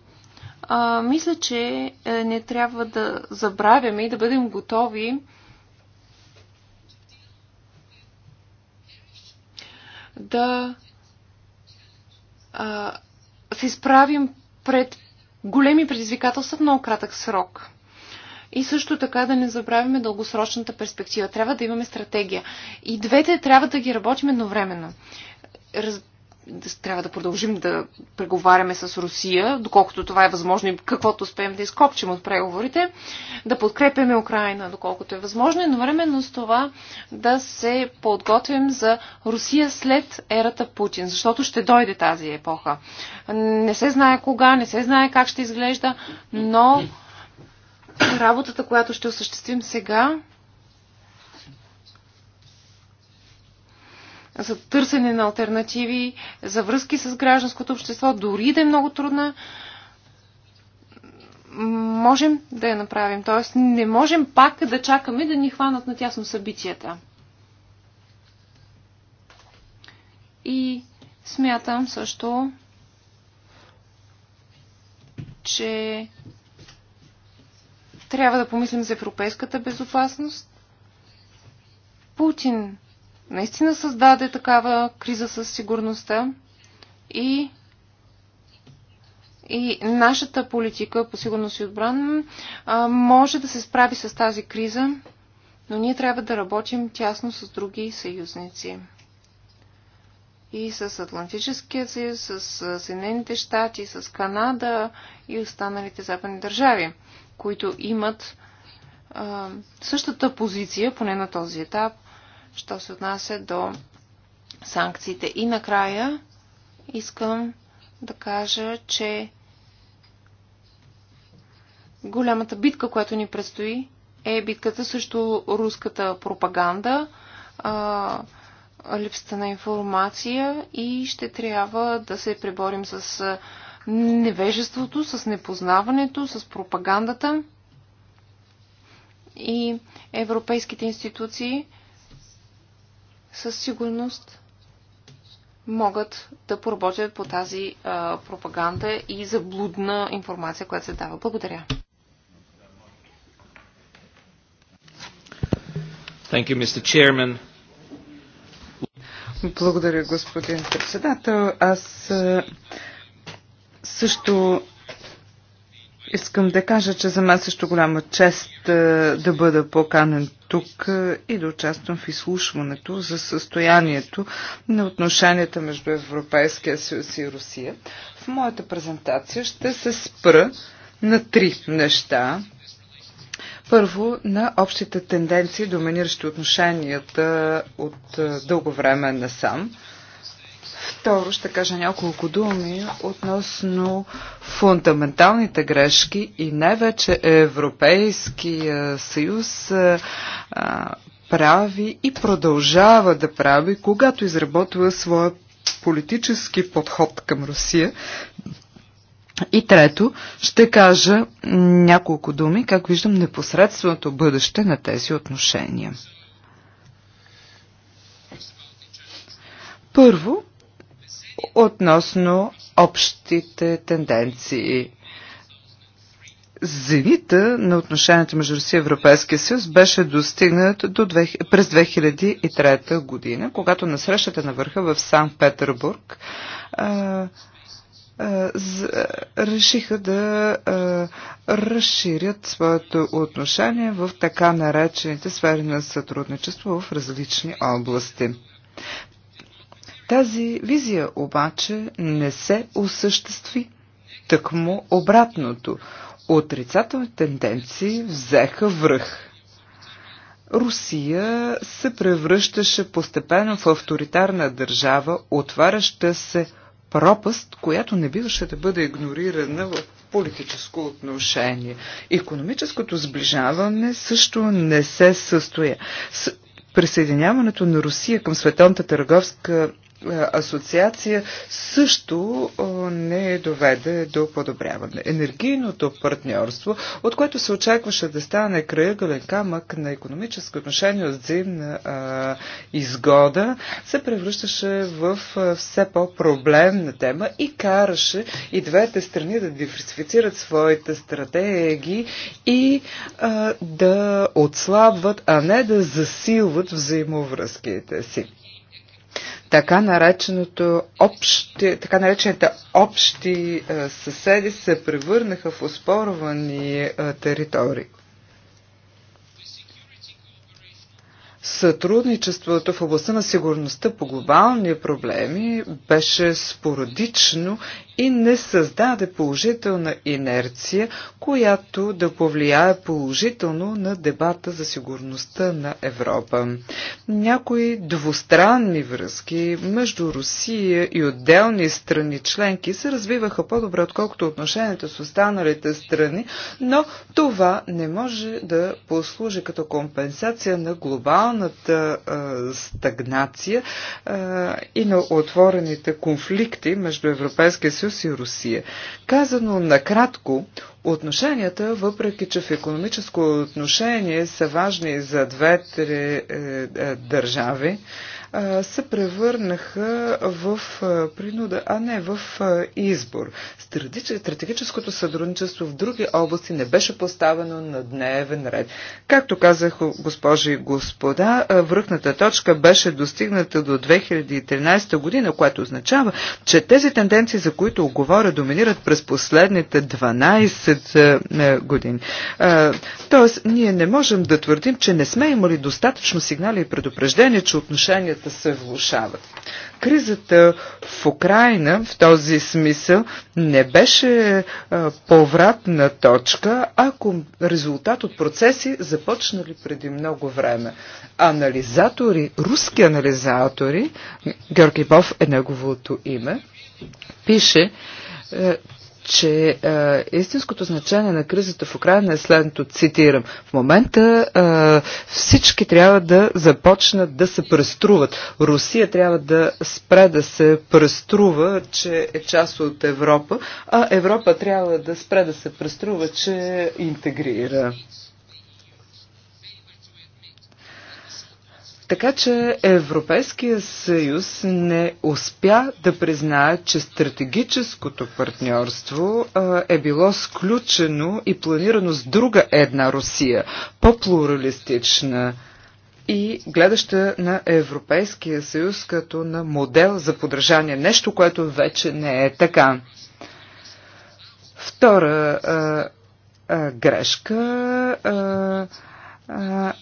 а, мисля, че е, не трябва да забравяме и да бъдем готови да а, се изправим пред големи предизвикателства в много кратък срок. И също така да не забравяме дългосрочната перспектива. Трябва да имаме стратегия. И двете трябва да ги работим едновременно. Раз... Трябва да продължим да преговаряме с Русия, доколкото това е възможно и каквото успеем да изкопчим от преговорите, да подкрепяме Украина, доколкото е възможно, едновременно с това да се подготвим за Русия след ерата Путин, защото ще дойде тази епоха. Не се знае кога, не се знае как ще изглежда, но работата, която ще осъществим сега, за търсене на альтернативи, за връзки с гражданското общество, дори да е много трудна, можем да я направим. Тоест, не можем пак да чакаме да ни хванат на тясно събитията. И смятам също, че трябва да помислим за европейската безопасност. Путин наистина създаде такава криза с сигурността и, и нашата политика по сигурност и отбрана може да се справи с тази криза, но ние трябва да работим тясно с други съюзници. И с Атлантическия съюз, с Съединените щати, с Канада и останалите западни държави които имат а, същата позиция, поне на този етап, що се отнася до санкциите. И накрая искам да кажа, че голямата битка, която ни предстои, е битката срещу руската пропаганда, а, липсата на информация и ще трябва да се преборим с невежеството, с непознаването, с пропагандата и европейските институции със сигурност могат да поработят по тази а, пропаганда и заблудна информация, която се дава. Благодаря. Thank you, Mr. Chairman. Благодаря, господин председател. Аз също искам да кажа, че за мен също голяма чест е, да бъда поканен тук е, и да участвам в изслушването за състоянието на отношенията между Европейския съюз и Русия. В моята презентация ще се спра на три неща, първо, на общите тенденции, доминиращи отношенията от е, дълго време насам. Второ ще кажа няколко думи относно фундаменталните грешки и най-вече Европейския съюз прави и продължава да прави, когато изработва своя политически подход към Русия. И трето, ще кажа няколко думи, как виждам непосредственото бъдеще на тези отношения. Първо, относно общите тенденции. Зенита на отношенията между Русия и Европейския съюз беше достигнат до 2000, през 2003 година, когато на срещата на върха в Санкт Петербург решиха да а, разширят своето отношение в така наречените сфери на сътрудничество в различни области. Тази визия обаче не се осъществи. Тъкмо обратното. Отрицателни тенденции взеха връх. Русия се превръщаше постепенно в авторитарна държава, отваряща се пропаст, която не биваше да бъде игнорирана в политическо отношение. Економическото сближаване също не се състоя. С присъединяването на Русия към Световната търговска асоциация също не доведе до подобряване. Енергийното партньорство, от което се очакваше да стане крайъгълен камък на економическо отношение от взаимна изгода, се превръщаше в все по-проблемна тема и караше и двете страни да диверсифицират своите стратегии и а, да отслабват, а не да засилват взаимовръзките си. Така, нареченото общи, така наречените общи е, съседи се превърнаха в оспорвани е, територии. Сътрудничеството в областта на сигурността по глобални проблеми беше спорадично и не създаде положителна инерция, която да повлияе положително на дебата за сигурността на Европа. Някои двустранни връзки между Русия и отделни страни членки се развиваха по-добре, отколкото отношенията с останалите страни, но това не може да послужи като компенсация на глобалната а, стагнация а, и на отворените конфликти между Европейския съюз съюз и Русия. Казано накратко, отношенията, въпреки че в економическо отношение са важни за двете три е, е, държави, се превърнаха в принуда, а не в избор. Стратегическото сътрудничество в други области не беше поставено на дневен ред. Както казах, госпожи и господа, връхната точка беше достигната до 2013 година, което означава, че тези тенденции, за които говоря, доминират през последните 12 години. Тоест, ние не можем да твърдим, че не сме имали достатъчно сигнали и предупреждения, че отношенията кризата се влушават. Кризата в Украина в този смисъл не беше повратна точка, ако резултат от процеси започнали преди много време. Анализатори, руски анализатори, Георги Бов е неговото име, пише, е, че а, е, истинското значение на кризата в Украина е следното, цитирам. В момента а, е, всички трябва да започнат да се преструват. Русия трябва да спре да се преструва, че е част от Европа, а Европа трябва да спре да се преструва, че интегрира. Така че Европейския съюз не успя да признае, че стратегическото партньорство а, е било сключено и планирано с друга една Русия, по-плуралистична и гледаща на Европейския съюз като на модел за подражание, нещо, което вече не е така. Втора а, а, грешка. А, а,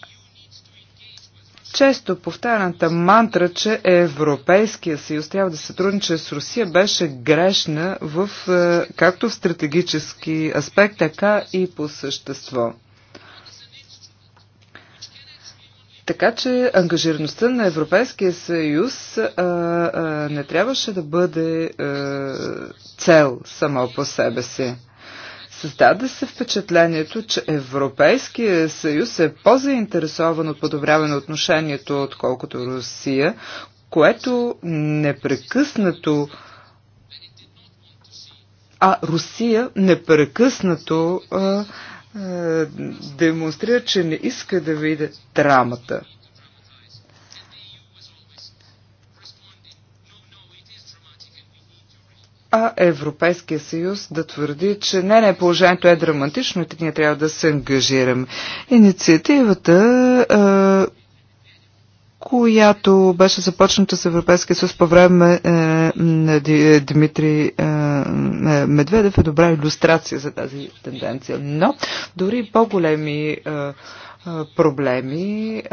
често повтаряната мантра, че Европейския съюз трябва да сътрудничи с Русия, беше грешна в, е, както в стратегически аспект, така и по същество. Така че ангажираността на Европейския съюз а, е, а, е, не трябваше да бъде а, цел само по себе си. Създаде се впечатлението, че Европейския съюз е по-заинтересован от подобряване на отношението, отколкото Русия, което непрекъснато а Русия непрекъснато а, а, демонстрира, че не иска да види драмата. а Европейския съюз да твърди, че не, не, положението е драматично и ние трябва да се ангажираме. Инициативата е, която беше започната с Европейския съюз по време е, на Дмитрий е, е, е, Медведев е добра иллюстрация за тази тенденция. Но дори по-големи е, е проблеми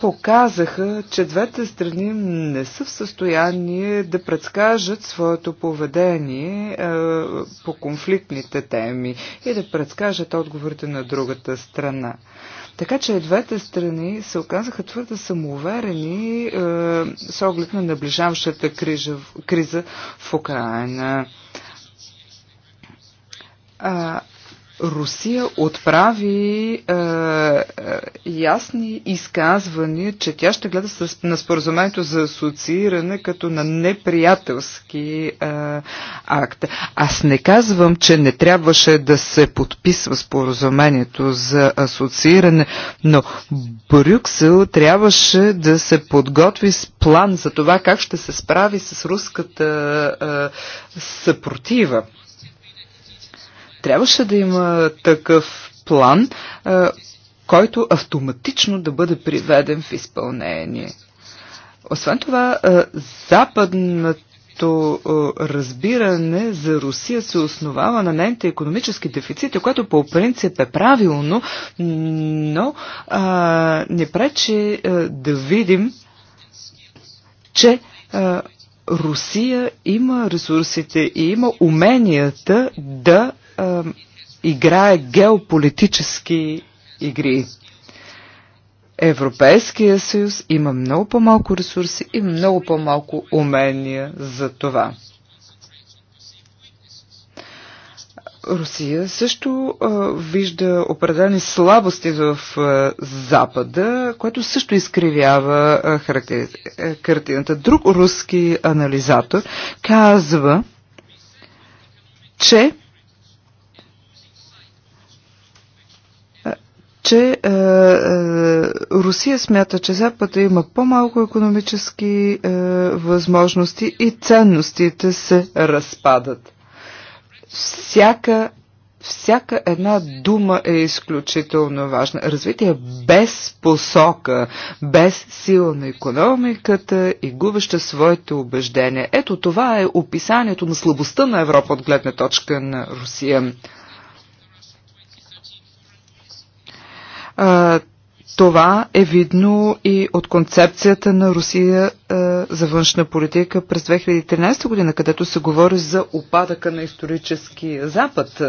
показаха, че двете страни не са в състояние да предскажат своето поведение е, по конфликтните теми и да предскажат отговорите на другата страна. Така че двете страни се оказаха твърде самоуверени е, с оглед на наближаващата крижа, криза в Украина. А, Русия отправи е, е, ясни изказвания, че тя ще гледа с, на споразумението за асоцииране като на неприятелски е, акт. Аз не казвам, че не трябваше да се подписва споразумението за асоцииране, но Брюксел трябваше да се подготви с план за това как ще се справи с руската е, съпротива. Трябваше да има такъв план, който автоматично да бъде приведен в изпълнение. Освен това, западната разбиране за Русия се основава на нейните економически дефицити, което по принцип е правилно, но а, не пречи а, да видим, че а, Русия има ресурсите и има уменията да а, играе геополитически игри. Европейския съюз има много по-малко ресурси и много по-малко умения за това. Русия също а, вижда определени слабости в а, Запада, което също изкривява а, а, картината. Друг руски анализатор казва, че че е, е, Русия смята, че Запада има по-малко економически е, възможности и ценностите се разпадат. Всяка, всяка една дума е изключително важна. Развитие без посока, без сила на економиката и губеща своите убеждения. Ето това е описанието на слабостта на Европа от гледна точка на Русия. Това е видно и от концепцията на Русия а, за външна политика през 2013 година, където се говори за опадъка на исторически Запад.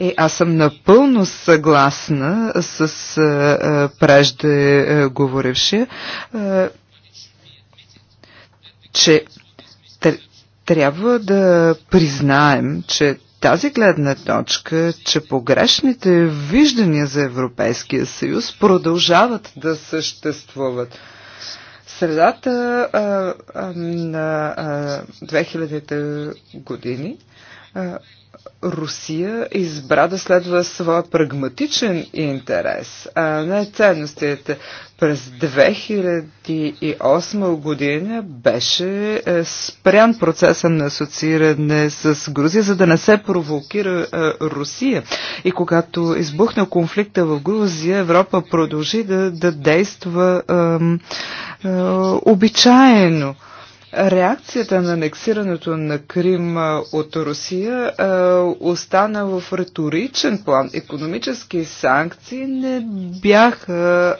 Е, аз съм напълно съгласна с а, а, а, че трябва да признаем, че тази гледна точка, че погрешните виждания за Европейския съюз продължават да съществуват. Средата а, а, на а, 2000-те години а, Русия избра да следва своя прагматичен интерес, а не ценностите. През 2008 година беше е, спрян процеса на асоцииране с Грузия, за да не се провокира е, Русия. И когато избухна конфликта в Грузия, Европа продължи да, да действа ам, е, обичайно. Реакцията на анексирането на Крим от Русия е, остана в риторичен план. Економически санкции не бяха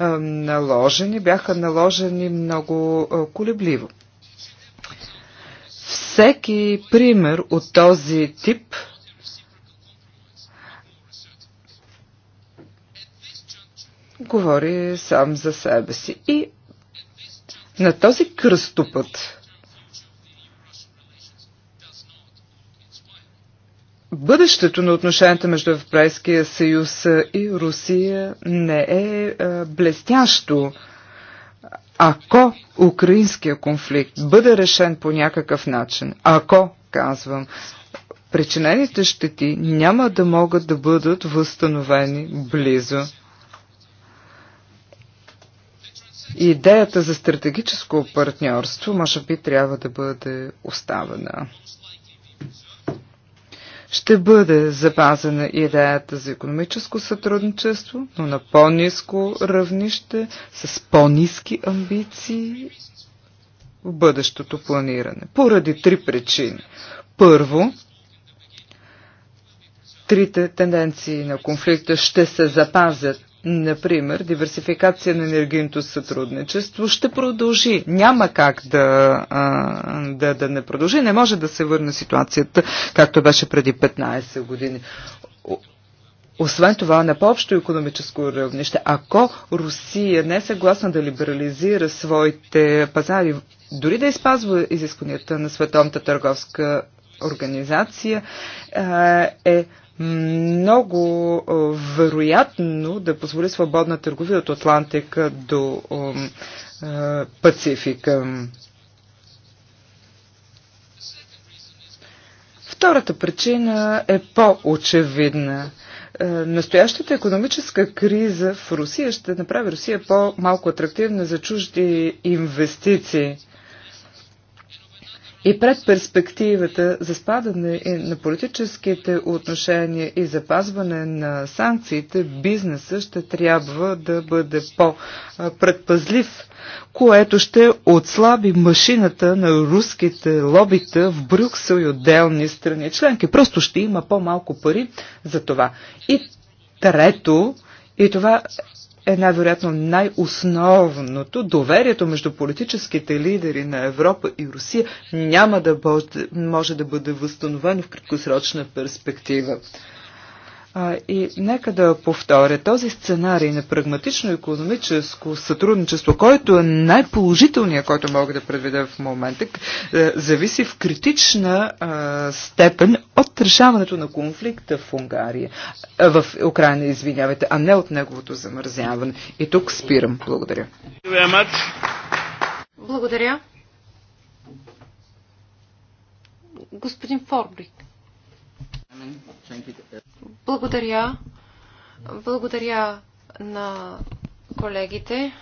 е, е, наложени, бяха наложени много е, колебливо. Всеки пример от този тип говори сам за себе си. И на този кръстопът бъдещето на отношенията между Европейския съюз и Русия не е, е блестящо. Ако украинския конфликт бъде решен по някакъв начин, ако, казвам, причинените щети няма да могат да бъдат възстановени близо идеята за стратегическо партньорство може би трябва да бъде оставена. Ще бъде запазена идеята за економическо сътрудничество, но на по-низко равнище, с по-низки амбиции в бъдещото планиране. Поради три причини. Първо, трите тенденции на конфликта ще се запазят Например, диверсификация на енергийното сътрудничество ще продължи. Няма как да, да, да не продължи. Не може да се върне ситуацията, както беше преди 15 години. Освен това, на по-общо економическо равнище, ако Русия не е съгласна да либерализира своите пазари, дори да изпазва изискванията на Световната търговска организация, е много е, вероятно да позволи свободна търговия от Атлантика до е, е, Пацифика. Втората причина е по-очевидна. Настоящата економическа криза в Русия ще направи Русия по-малко атрактивна за чужди инвестиции. И пред перспективата за спадане на политическите отношения и запазване на санкциите, бизнеса ще трябва да бъде по-предпазлив, което ще отслаби машината на руските лобита в Брюксел и отделни страни членки. Просто ще има по-малко пари за това. И трето, и това е най-вероятно най-основното. Доверието между политическите лидери на Европа и Русия няма да може да бъде възстановено в краткосрочна перспектива. А, и нека да повторя този сценарий на прагматично економическо сътрудничество, който е най-положителният, който мога да предведа в момента, е, зависи в критична а, степен от решаването на конфликта в Унгария, а, в Украина, извинявайте, а не от неговото замързяване. И тук спирам. Благодаря. Благодаря. Господин Форбрик. Благодаря. Благодаря на колегите.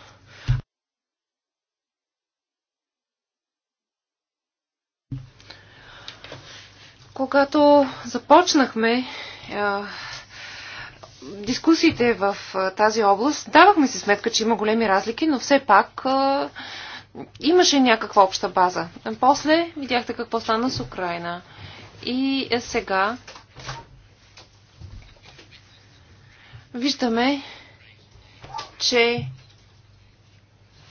Когато започнахме е, дискусиите в е, тази област, давахме си сметка, че има големи разлики, но все пак е, имаше някаква обща база. После видяхте какво стана с Украина. И сега виждаме, че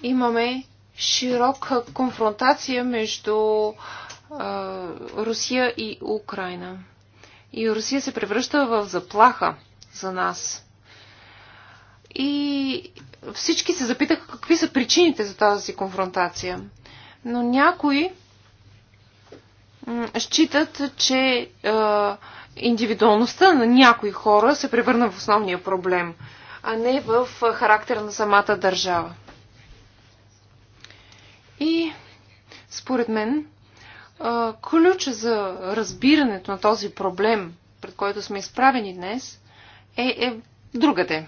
имаме широка конфронтация между а, Русия и Украина. И Русия се превръща в заплаха за нас. И всички се запитаха какви са причините за тази конфронтация. Но някои считат, че а, индивидуалността на някои хора се превърна в основния проблем, а не в характера на самата държава. И според мен, ключ за разбирането на този проблем, пред който сме изправени днес, е, е другаде.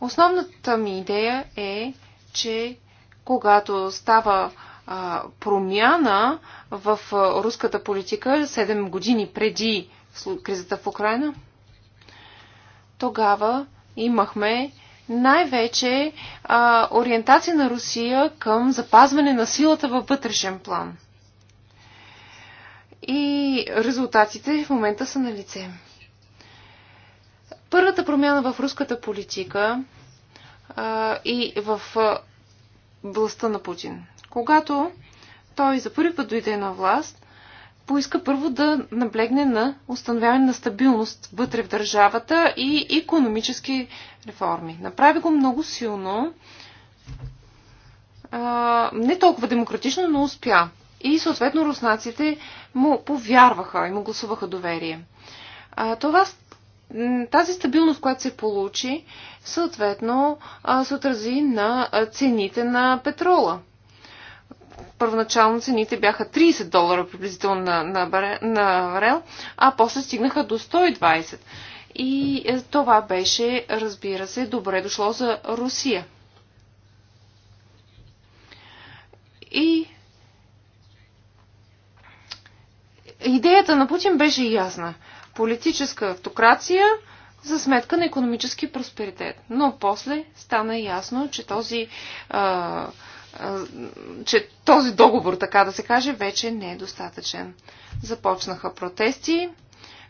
Основната ми идея е, че когато става а, промяна в а, руската политика 7 години преди кризата в Украина, тогава имахме най-вече ориентация на Русия към запазване на силата във вътрешен план. И резултатите в момента са на лице. Първата промяна в руската политика а, и в а, властта на Путин. Когато той за първи път дойде на власт, поиска първо да наблегне на установяване на стабилност вътре в държавата и економически реформи. Направи го много силно, а, не толкова демократично, но успя. И съответно руснаците му повярваха и му гласуваха доверие. А, това, тази стабилност, която се получи, съответно се отрази на цените на петрола. Първоначално цените бяха 30 долара приблизително на, на, на барел, а после стигнаха до 120. И е, това беше, разбира се, добре дошло за Русия. И идеята на Путин беше ясна. Политическа автокрация за сметка на економически просперитет. Но после стана ясно, че този а, че този договор, така да се каже, вече не е достатъчен. Започнаха протести,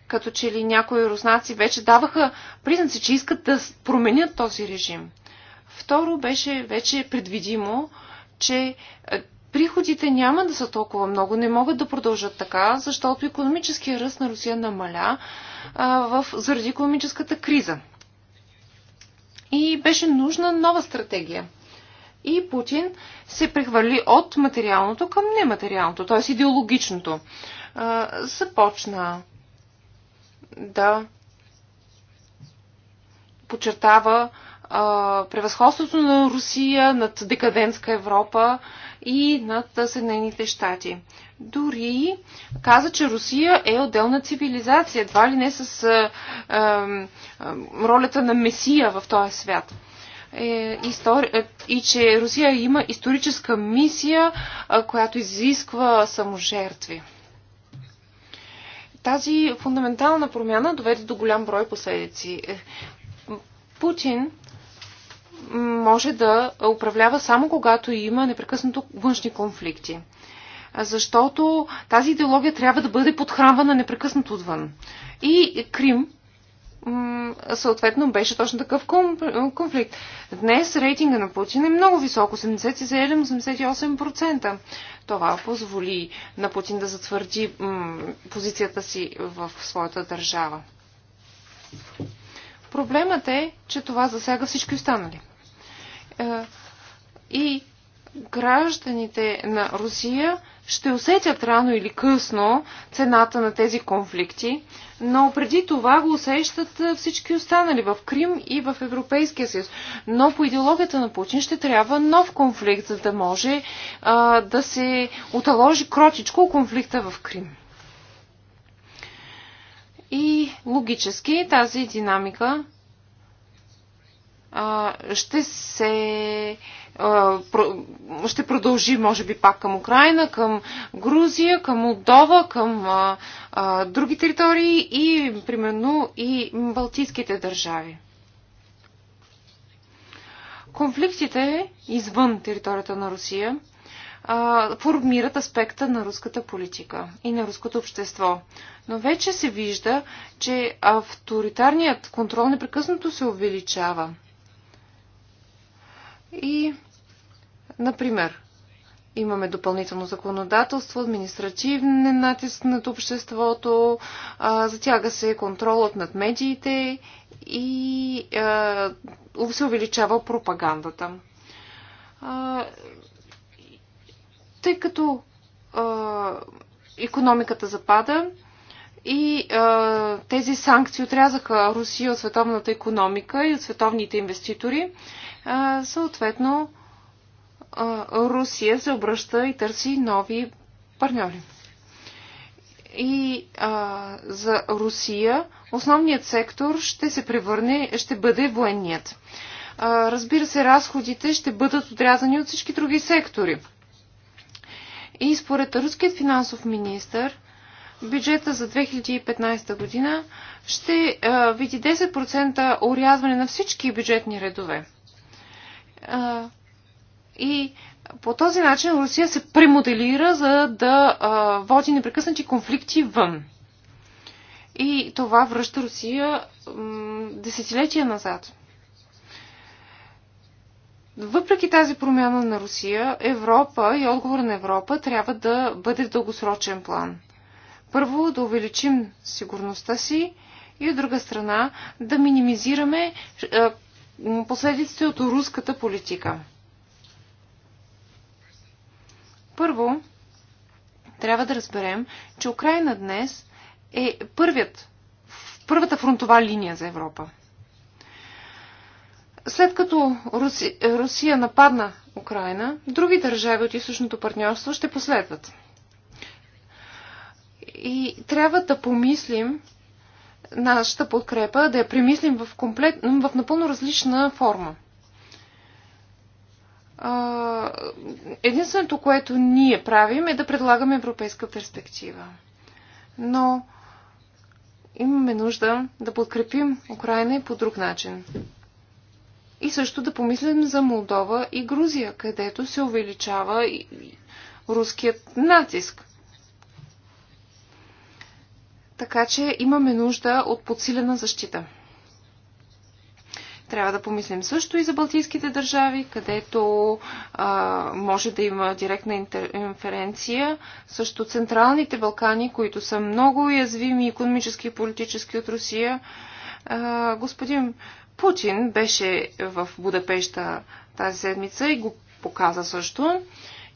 като че ли някои руснаци вече даваха признаци, че искат да променят този режим. Второ, беше вече предвидимо, че приходите няма да са толкова много, не могат да продължат така, защото економическия ръст на Русия намаля а, в, заради економическата криза. И беше нужна нова стратегия и Путин се прехвърли от материалното към нематериалното, т.е. идеологичното. Започна да подчертава превъзходството на Русия над декадентска Европа и над Съединените щати. Дори каза, че Русия е отделна цивилизация, едва ли не с е, е, ролята на Месия в този свят. Е, е, и че Русия има историческа мисия, която изисква саможертви. Тази фундаментална промяна доведе до голям брой последици. Е, Путин може да управлява само когато има непрекъснато външни конфликти. Защото тази идеология трябва да бъде подхранвана непрекъснато отвън. И Крим съответно беше точно такъв конфликт. Днес рейтинга на Путин е много висок 87-88%. Това позволи на Путин да затвърди позицията си в своята държава. Проблемът е, че това засяга всички останали. Е, и гражданите на Русия ще усетят рано или късно цената на тези конфликти но преди това го усещат всички останали в Крим и в Европейския съюз. Но по идеологията на Путин ще трябва нов конфликт, за да може а, да се оталожи кротичко конфликта в Крим. И логически тази динамика а, ще се ще продължи, може би, пак към Украина, към Грузия, към Молдова, към други територии и, примерно, и Балтийските държави. Конфликтите извън територията на Русия формират аспекта на руската политика и на руското общество. Но вече се вижда, че авторитарният контрол непрекъснато се увеличава и, например, имаме допълнително законодателство, административен натиск над обществото, а, затяга се контролът над медиите и а, се увеличава пропагандата. А, тъй като а, економиката запада, и а, тези санкции отрязаха Русия от световната економика и от световните инвеститори. А, съответно, а, Русия се обръща и търси нови партньори. И а, за Русия основният сектор ще се превърне, ще бъде военният. А, разбира се, разходите ще бъдат отрязани от всички други сектори. И според руският финансов министр, бюджета за 2015 година ще а, види 10% урязване на всички бюджетни редове. А, и по този начин Русия се премоделира, за да а, води непрекъснати конфликти вън. И това връща Русия м, десетилетия назад. Въпреки тази промяна на Русия, Европа и отговор на Европа трябва да бъде в дългосрочен план – първо да увеличим сигурността си и от друга страна да минимизираме последиците от руската политика. Първо, трябва да разберем, че Украина днес е първият, първата фронтова линия за Европа. След като Руси, Русия нападна Украина, други държави от източното партньорство ще последват – и трябва да помислим нашата подкрепа, да я премислим в, комплект, в напълно различна форма. Единственото, което ние правим е да предлагаме европейска перспектива. Но имаме нужда да подкрепим Украина и по друг начин. И също да помислим за Молдова и Грузия, където се увеличава руският натиск. Така че имаме нужда от подсилена защита. Трябва да помислим също и за балтийските държави, където а, може да има директна инференция, Също Централните Балкани, които са много уязвими економически и политически от Русия. А, господин Путин беше в Будапешта тази седмица и го показа също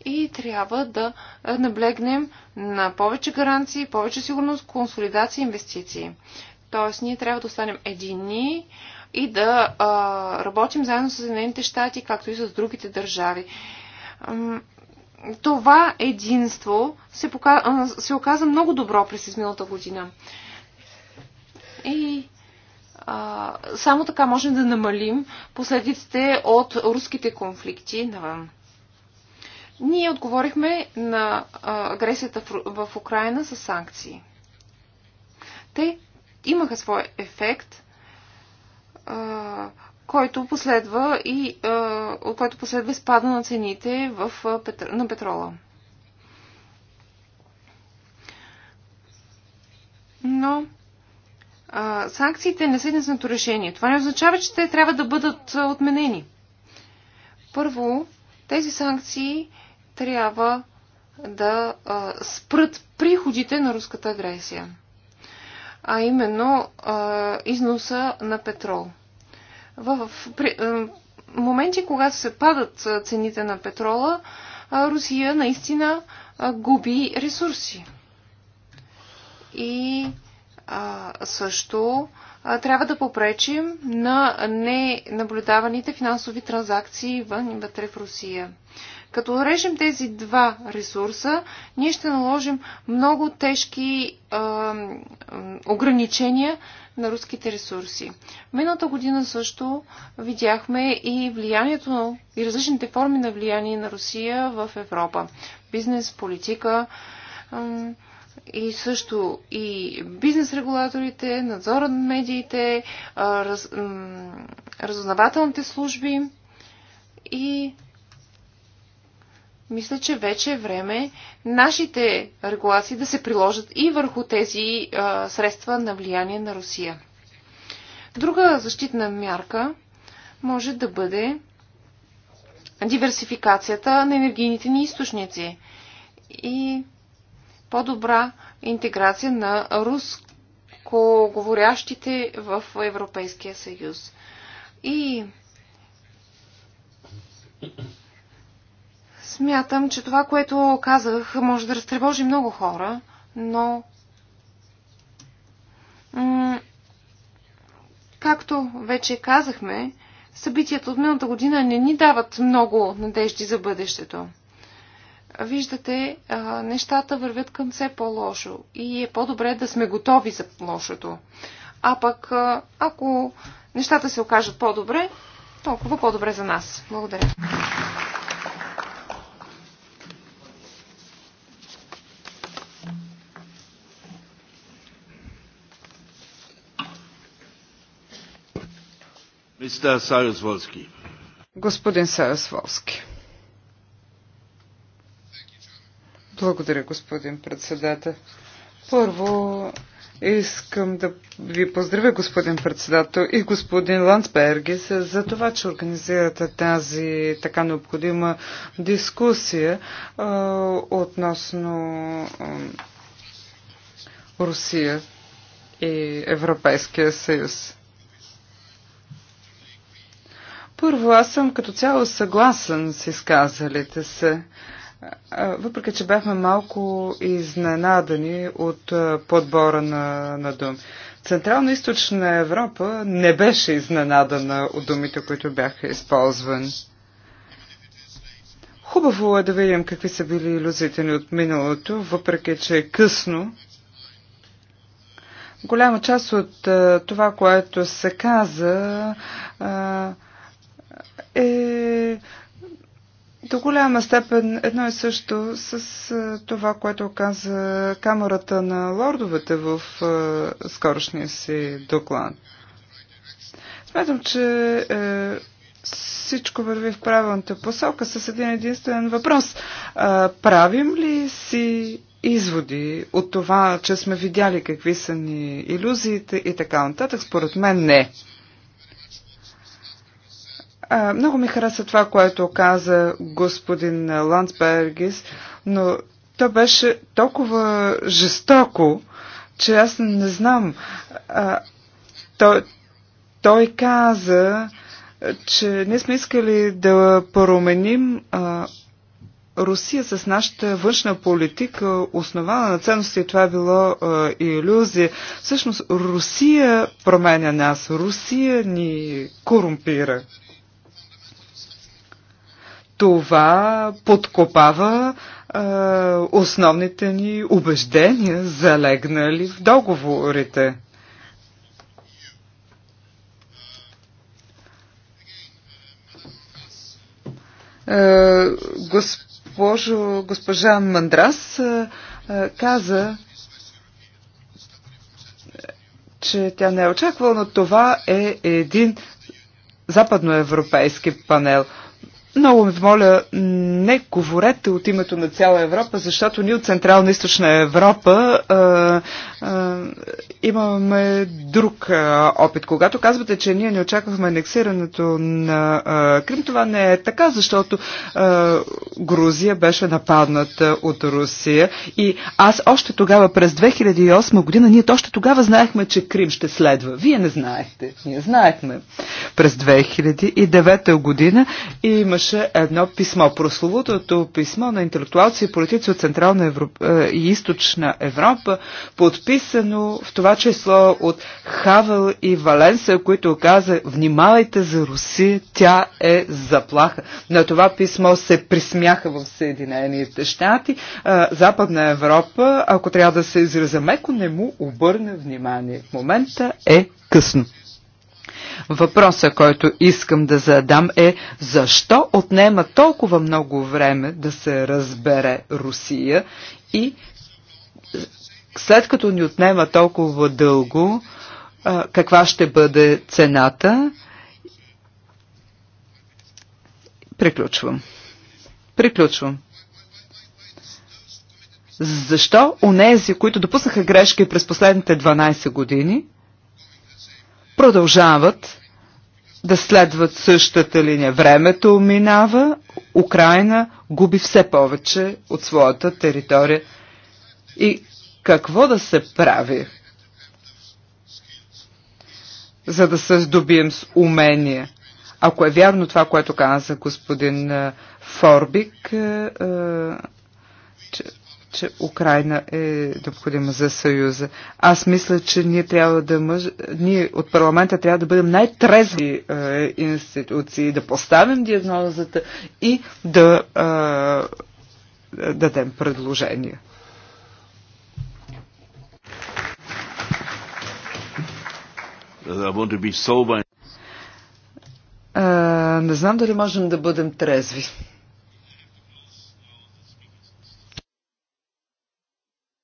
и трябва да е, наблегнем на повече гаранции, повече сигурност, консолидация и инвестиции. Тоест, ние трябва да останем едини и да а, работим заедно с Съединените щати, както и с другите държави. Това единство се, показа, се оказа много добро през изминалата година. И а, само така можем да намалим последиците от руските конфликти навън. Ние отговорихме на агресията в Украина с санкции. Те имаха своя ефект, който последва и от който последва спада на цените в, на петрола. Но а, санкциите не са единственото решение. Това не означава, че те трябва да бъдат отменени. Първо, тези санкции трябва да спрат приходите на руската агресия, а именно износа на петрол. В моменти, когато се падат цените на петрола, Русия наистина губи ресурси. И а, също а, трябва да попречим на ненаблюдаваните финансови транзакции вън и вътре в Русия. Като режем тези два ресурса, ние ще наложим много тежки а, ограничения на руските ресурси. Миналата година също видяхме и влиянието и различните форми на влияние на Русия в Европа. Бизнес, политика и също и бизнес регулаторите, надзора на медиите, раз, разузнавателните служби и мисля, че вече е време нашите регулации да се приложат и върху тези а, средства на влияние на Русия. Друга защитна мярка може да бъде диверсификацията на енергийните ни източници и по-добра интеграция на рускоговорящите в Европейския съюз. И Смятам, че това, което казах, може да разтревожи много хора, но както вече казахме, събитията от миналата година не ни дават много надежди за бъдещето. Виждате, нещата вървят към все по-лошо и е по-добре да сме готови за лошото. А пък, ако нещата се окажат по-добре, толкова по-добре за нас. Благодаря. Мистер Сарюсволски. Господин Сарюсволски. Благодаря, господин председател. Първо, Искам да ви поздравя, господин председател и господин Ландсбергис, за това, че организирате тази така необходима дискусия а, е, относно а, е, Русия и Европейския съюз. Първо, аз съм като цяло съгласен с изказалите се. Въпреки, че бяхме малко изненадани от подбора на, на думи. централно источна Европа не беше изненадана от думите, които бяха използвани. Хубаво е да видим какви са били иллюзиите ни от миналото, въпреки, че е късно. Голяма част от това, което се каза, е до голяма степен едно и също с е, това, което каза Камерата на лордовете в е, скорошния си доклад. Смятам, че е, всичко върви в правилната посока с един единствен въпрос. А, е, правим ли си изводи от това, че сме видяли какви са ни иллюзиите и така нататък? Според мен не. А, много ми хареса това, което каза господин Ландсбергис, но то беше толкова жестоко, че аз не знам. А, той, той каза, че ние сме искали да променим а, Русия с нашата външна политика, основана на ценности, това е било а, иллюзия. Всъщност Русия променя нас, Русия ни корумпира това подкопава а, основните ни убеждения, залегнали в договорите. госпожо, госпожа Мандрас каза, че тя не е очаквала, но това е един западноевропейски панел – много ви моля, не говорете от името на цяла Европа, защото ние от Централна Източна Европа а, а, имаме друг а, опит. Когато казвате, че ние не очаквахме анексирането на а, Крим, това не е така, защото а, Грузия беше нападната от Русия и аз още тогава, през 2008 година, ние още тогава знаехме, че Крим ще следва. Вие не знаехте. Ние знаехме. През 2009 година имаше имаше едно писмо. Прословутото писмо на интелектуалци и политици от Централна Европа, е, и Източна Европа, подписано в това число от Хавел и Валенса, които каза «Внимавайте за Руси, тя е заплаха». На това писмо се присмяха в Съединените щати. Е, Западна Европа, ако трябва да се израза меко, не му обърне внимание. В момента е късно. Въпросът, който искам да задам е защо отнема толкова много време да се разбере Русия и след като ни отнема толкова дълго, каква ще бъде цената? Приключвам. Приключвам. Защо онези, които допуснаха грешки през последните 12 години, продължават да следват същата линия. Времето минава, Украина губи все повече от своята територия. И какво да се прави, за да се здобием с умения? Ако е вярно това, което каза господин Форбик, че Украина е необходима за Съюза. Аз мисля, че ние трябва да мъж... ние от парламента трябва да бъдем най-трезви е, институции, да поставим диагнозата и да е, дадем предложения. Е, не знам дали можем да бъдем трезви.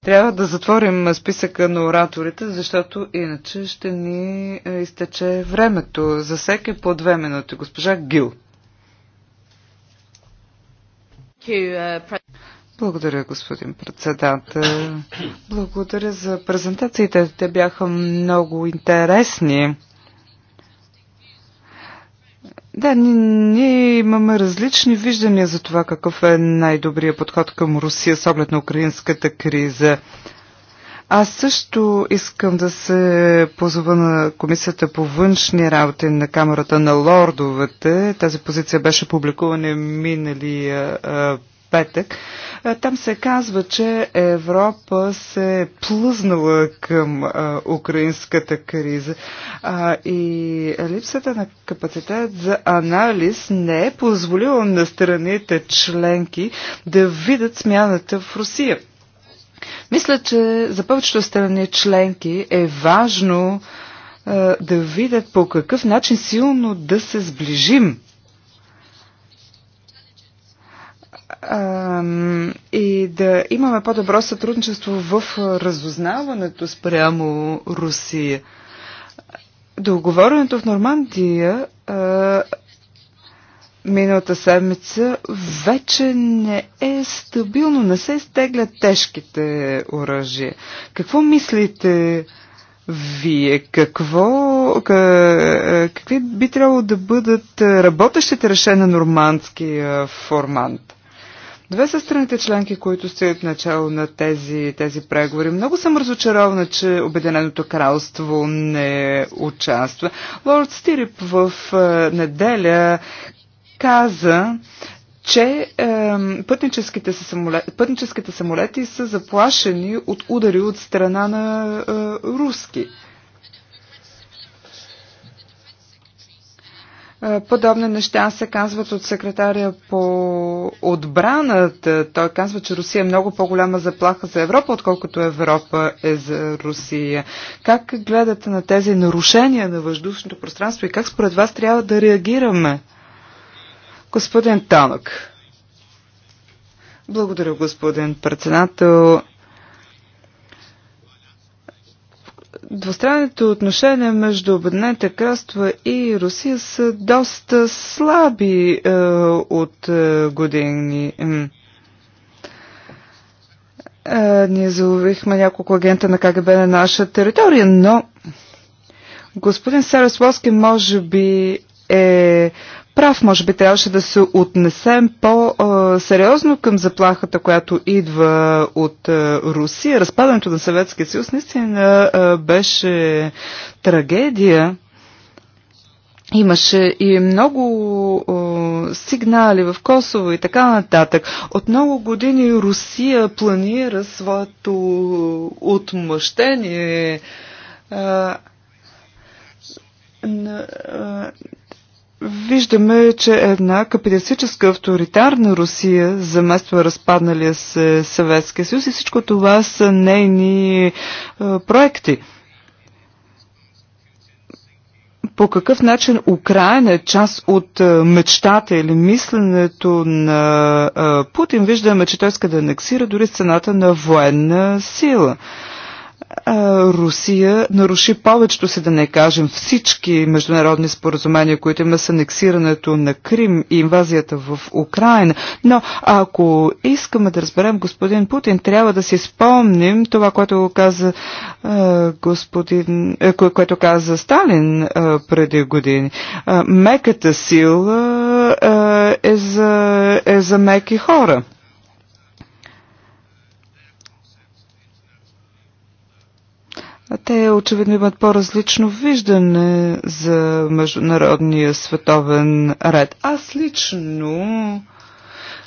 Трябва да затворим списъка на ораторите, защото иначе ще ни е, изтече времето. За всеки по две минути. Госпожа Гил. Благодаря, господин председател. Благодаря за презентациите. Те бяха много интересни. Да, ние имаме различни виждания за това какъв е най-добрият подход към Русия с оглед на украинската криза. Аз също искам да се позова на Комисията по външни работи на Камерата на лордовете. Тази позиция беше публикувана миналия петък. Е, там се казва, че Европа се е плъзнала към а, е, украинската криза а, и липсата на капацитет за анализ не е позволила на страните членки да видят смяната в Русия. Мисля, че за повечето страни членки е важно а, е, да видят по какъв начин силно да се сближим и да имаме по-добро сътрудничество в разузнаването спрямо Русия. Договоренето в Нормандия а, миналата седмица вече не е стабилно, не се изтеглят тежките оръжия. Какво мислите вие? Какво, какви би трябвало да бъдат работещите решения на нормандския формант? Две са страните членки, които стоят начало на тези, тези преговори. Много съм разочарована, че Обединеното кралство не участва. Лорд Стирип в е, неделя каза, че е, пътническите, самолети, пътническите самолети са заплашени от удари от страна на е, руски Подобни неща се казват от секретаря по отбраната. Той казва, че Русия е много по-голяма заплаха за Европа, отколкото Европа е за Русия. Как гледате на тези нарушения на въздушното пространство и как според вас трябва да реагираме? Господин Танок. Благодаря, господин председател. двустранните отношения между Обединените кралства и Русия са доста слаби е, от е, години. Е, ние заловихме няколко агента на КГБ на наша територия, но господин Сарас Лоски може би е прав. Може би трябваше да се отнесем по-сериозно към заплахата, която идва от е, Русия. Разпадането на Съветския съюз наистина е, беше трагедия. Имаше и много о, е, сигнали в Косово и така нататък. От много години Русия планира своето отмъщение. А, Виждаме, че една капиталистическа авторитарна Русия замества разпадналия се Съветския съюз и всичко това са нейни е, проекти. По какъв начин Украина е част от е, мечтата или мисленето на е, Путин? Виждаме, че той иска да анексира дори цената на военна сила. Русия наруши повечето си, да не кажем всички международни споразумения, които има с анексирането на Крим и инвазията в Украина. Но ако искаме да разберем господин Путин, трябва да си спомним това, което каза, господин, което каза Сталин преди години. Меката сила е за, е за меки хора. Те очевидно имат по-различно виждане за международния световен ред. Аз лично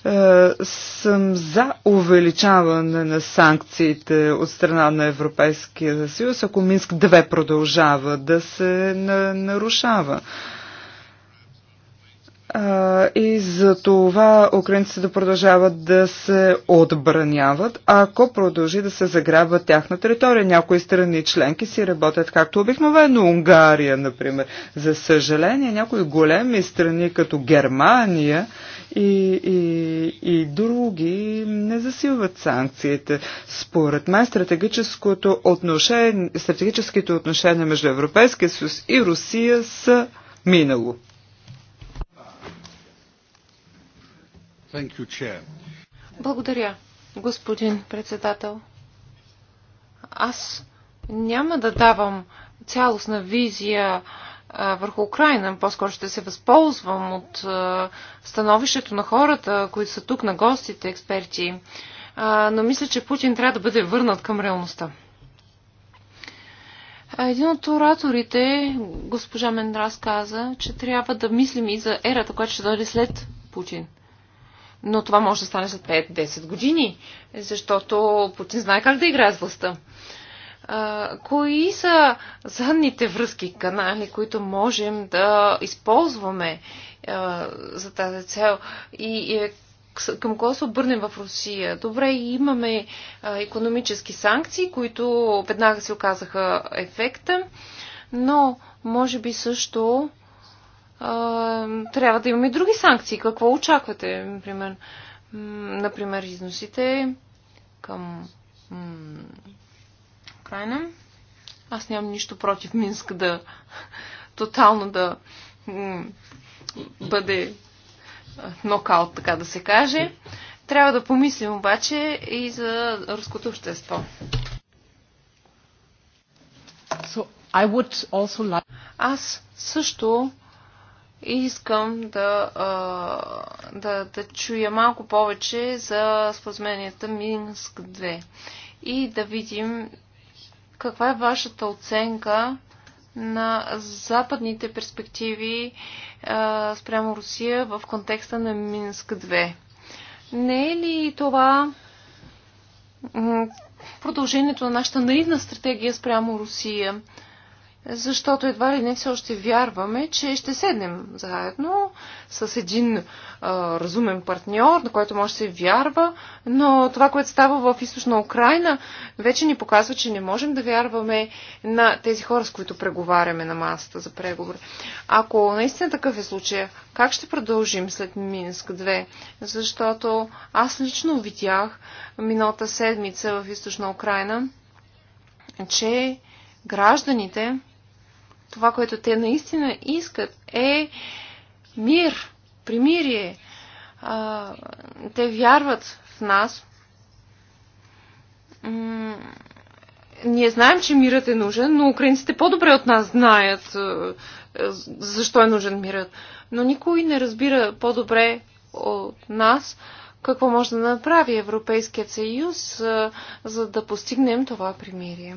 е, съм за увеличаване на санкциите от страна на Европейския съюз, ако Минск 2 продължава да се на, нарушава. Е, а, и за това украинците да продължават да се отбраняват, ако продължи да се заграбва тяхна територия. Някои страни членки си работят както обикновено Унгария, например. За съжаление, някои големи страни като Германия и, и, и други не засилват санкциите. Според мен стратегическото отношение, стратегическите отношения между Европейския съюз и Русия са минало. You, Благодаря, господин председател. Аз няма да давам цялостна визия върху Украина. По-скоро ще се възползвам от становището на хората, които са тук, на гостите, експерти. но мисля, че Путин трябва да бъде върнат към реалността. Един от ораторите, госпожа Мендрас, каза, че трябва да мислим и за ерата, която ще дойде след Путин но това може да стане след 5-10 години, защото Путин знае как да играе с властта. А, кои са задните връзки, канали, които можем да използваме а, за тази цел и, и е, към кого се обърнем в Русия? Добре, имаме а, економически санкции, които веднага се оказаха ефекта, но може би също трябва да имаме и други санкции. Какво очаквате, например? например, износите към Украина. Аз нямам нищо против Минск да тотално да бъде нокаут, така да се каже. Трябва да помислим обаче и за руското общество. So, I would also like... Аз също и искам да, да, да чуя малко повече за споразуменията Минск 2 и да видим каква е вашата оценка на западните перспективи а, спрямо Русия в контекста на Минск 2. Не е ли това продължението на нашата наивна стратегия спрямо Русия? защото едва ли не все още вярваме, че ще седнем заедно с един а, разумен партньор, на който може да се вярва, но това, което става в източна Украина, вече ни показва, че не можем да вярваме на тези хора, с които преговаряме на масата за преговори. Ако наистина такъв е случай, как ще продължим след Минск 2? Защото аз лично видях миналата седмица в източна Украина, че гражданите това, което те наистина искат е мир, примирие. А, те вярват в нас. М ние знаем, че мирът е нужен, но украинците по-добре от нас знаят а, защо е нужен мирът. Но никой не разбира по-добре от нас какво може да направи Европейският съюз, а, за да постигнем това примирие.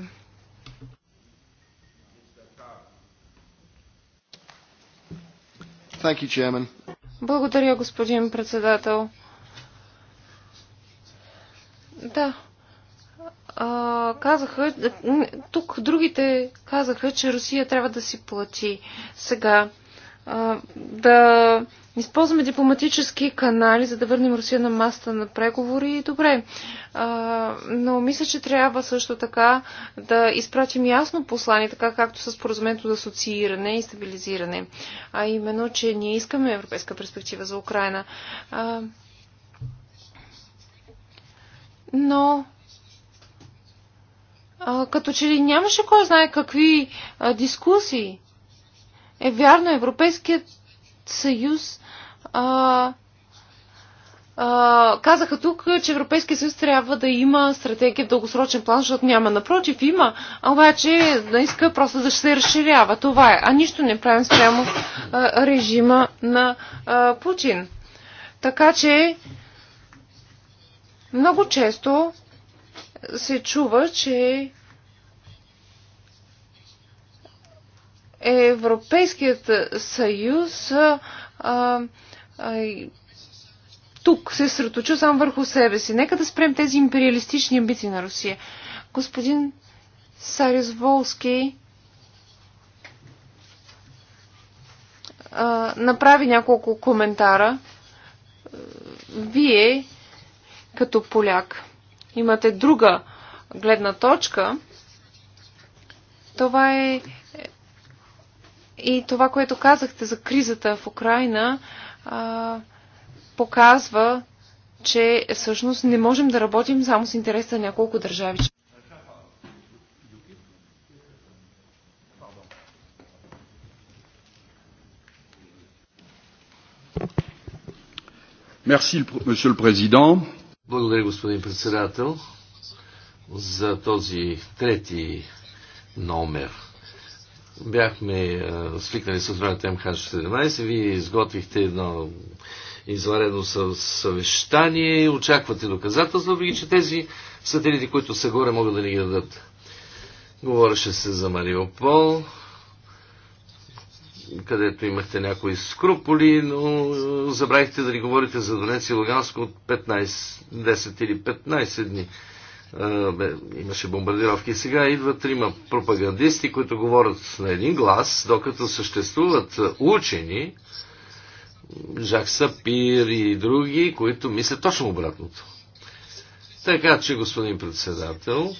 You, Благодаря, господин председател. Да. А, казаха, тук другите казаха, че Русия трябва да си плати. Сега да използваме дипломатически канали, за да върнем Русия на масата на преговори, добре. А, но мисля, че трябва също така да изпратим ясно послание, така както с поразумението за асоцииране и стабилизиране. А именно, че ние искаме европейска перспектива за Украина. А, но а, като че ли нямаше кой знае какви а, дискусии е вярно, Европейският съюз а, а, казаха тук, че Европейския съюз трябва да има стратегия в дългосрочен план, защото няма. Напротив, има, а обаче да иска просто да се разширява. Това е. А нищо не правим спрямо а, режима на а, Путин. Така че много често се чува, че Европейският съюз а, а, тук се сръточу сам върху себе си. Нека да спрем тези империалистични амбиции на Русия. Господин Сарис Волски а, направи няколко коментара. Вие, като поляк, имате друга гледна точка. Това е и това, което казахте за кризата в Украина, а, показва, че всъщност не можем да работим само с интереса на няколко държави. Благодаря, господин председател, за този трети номер бяхме свикнали с времето МХ-17, вие изготвихте едно изварено съвещание, очаквате доказателства, въпреки че тези сателити, които са горе, могат да ни ги дадат. Говореше се за Мариопол, където имахте някои скруполи, но забравихте да ни говорите за Донец и Луганско от 15, 10 или 15 дни имаше бомбардировки. Сега идват трима пропагандисти, които говорят на един глас, докато съществуват учени, Жак Сапир и други, които мислят точно обратното. Така че, господин председател,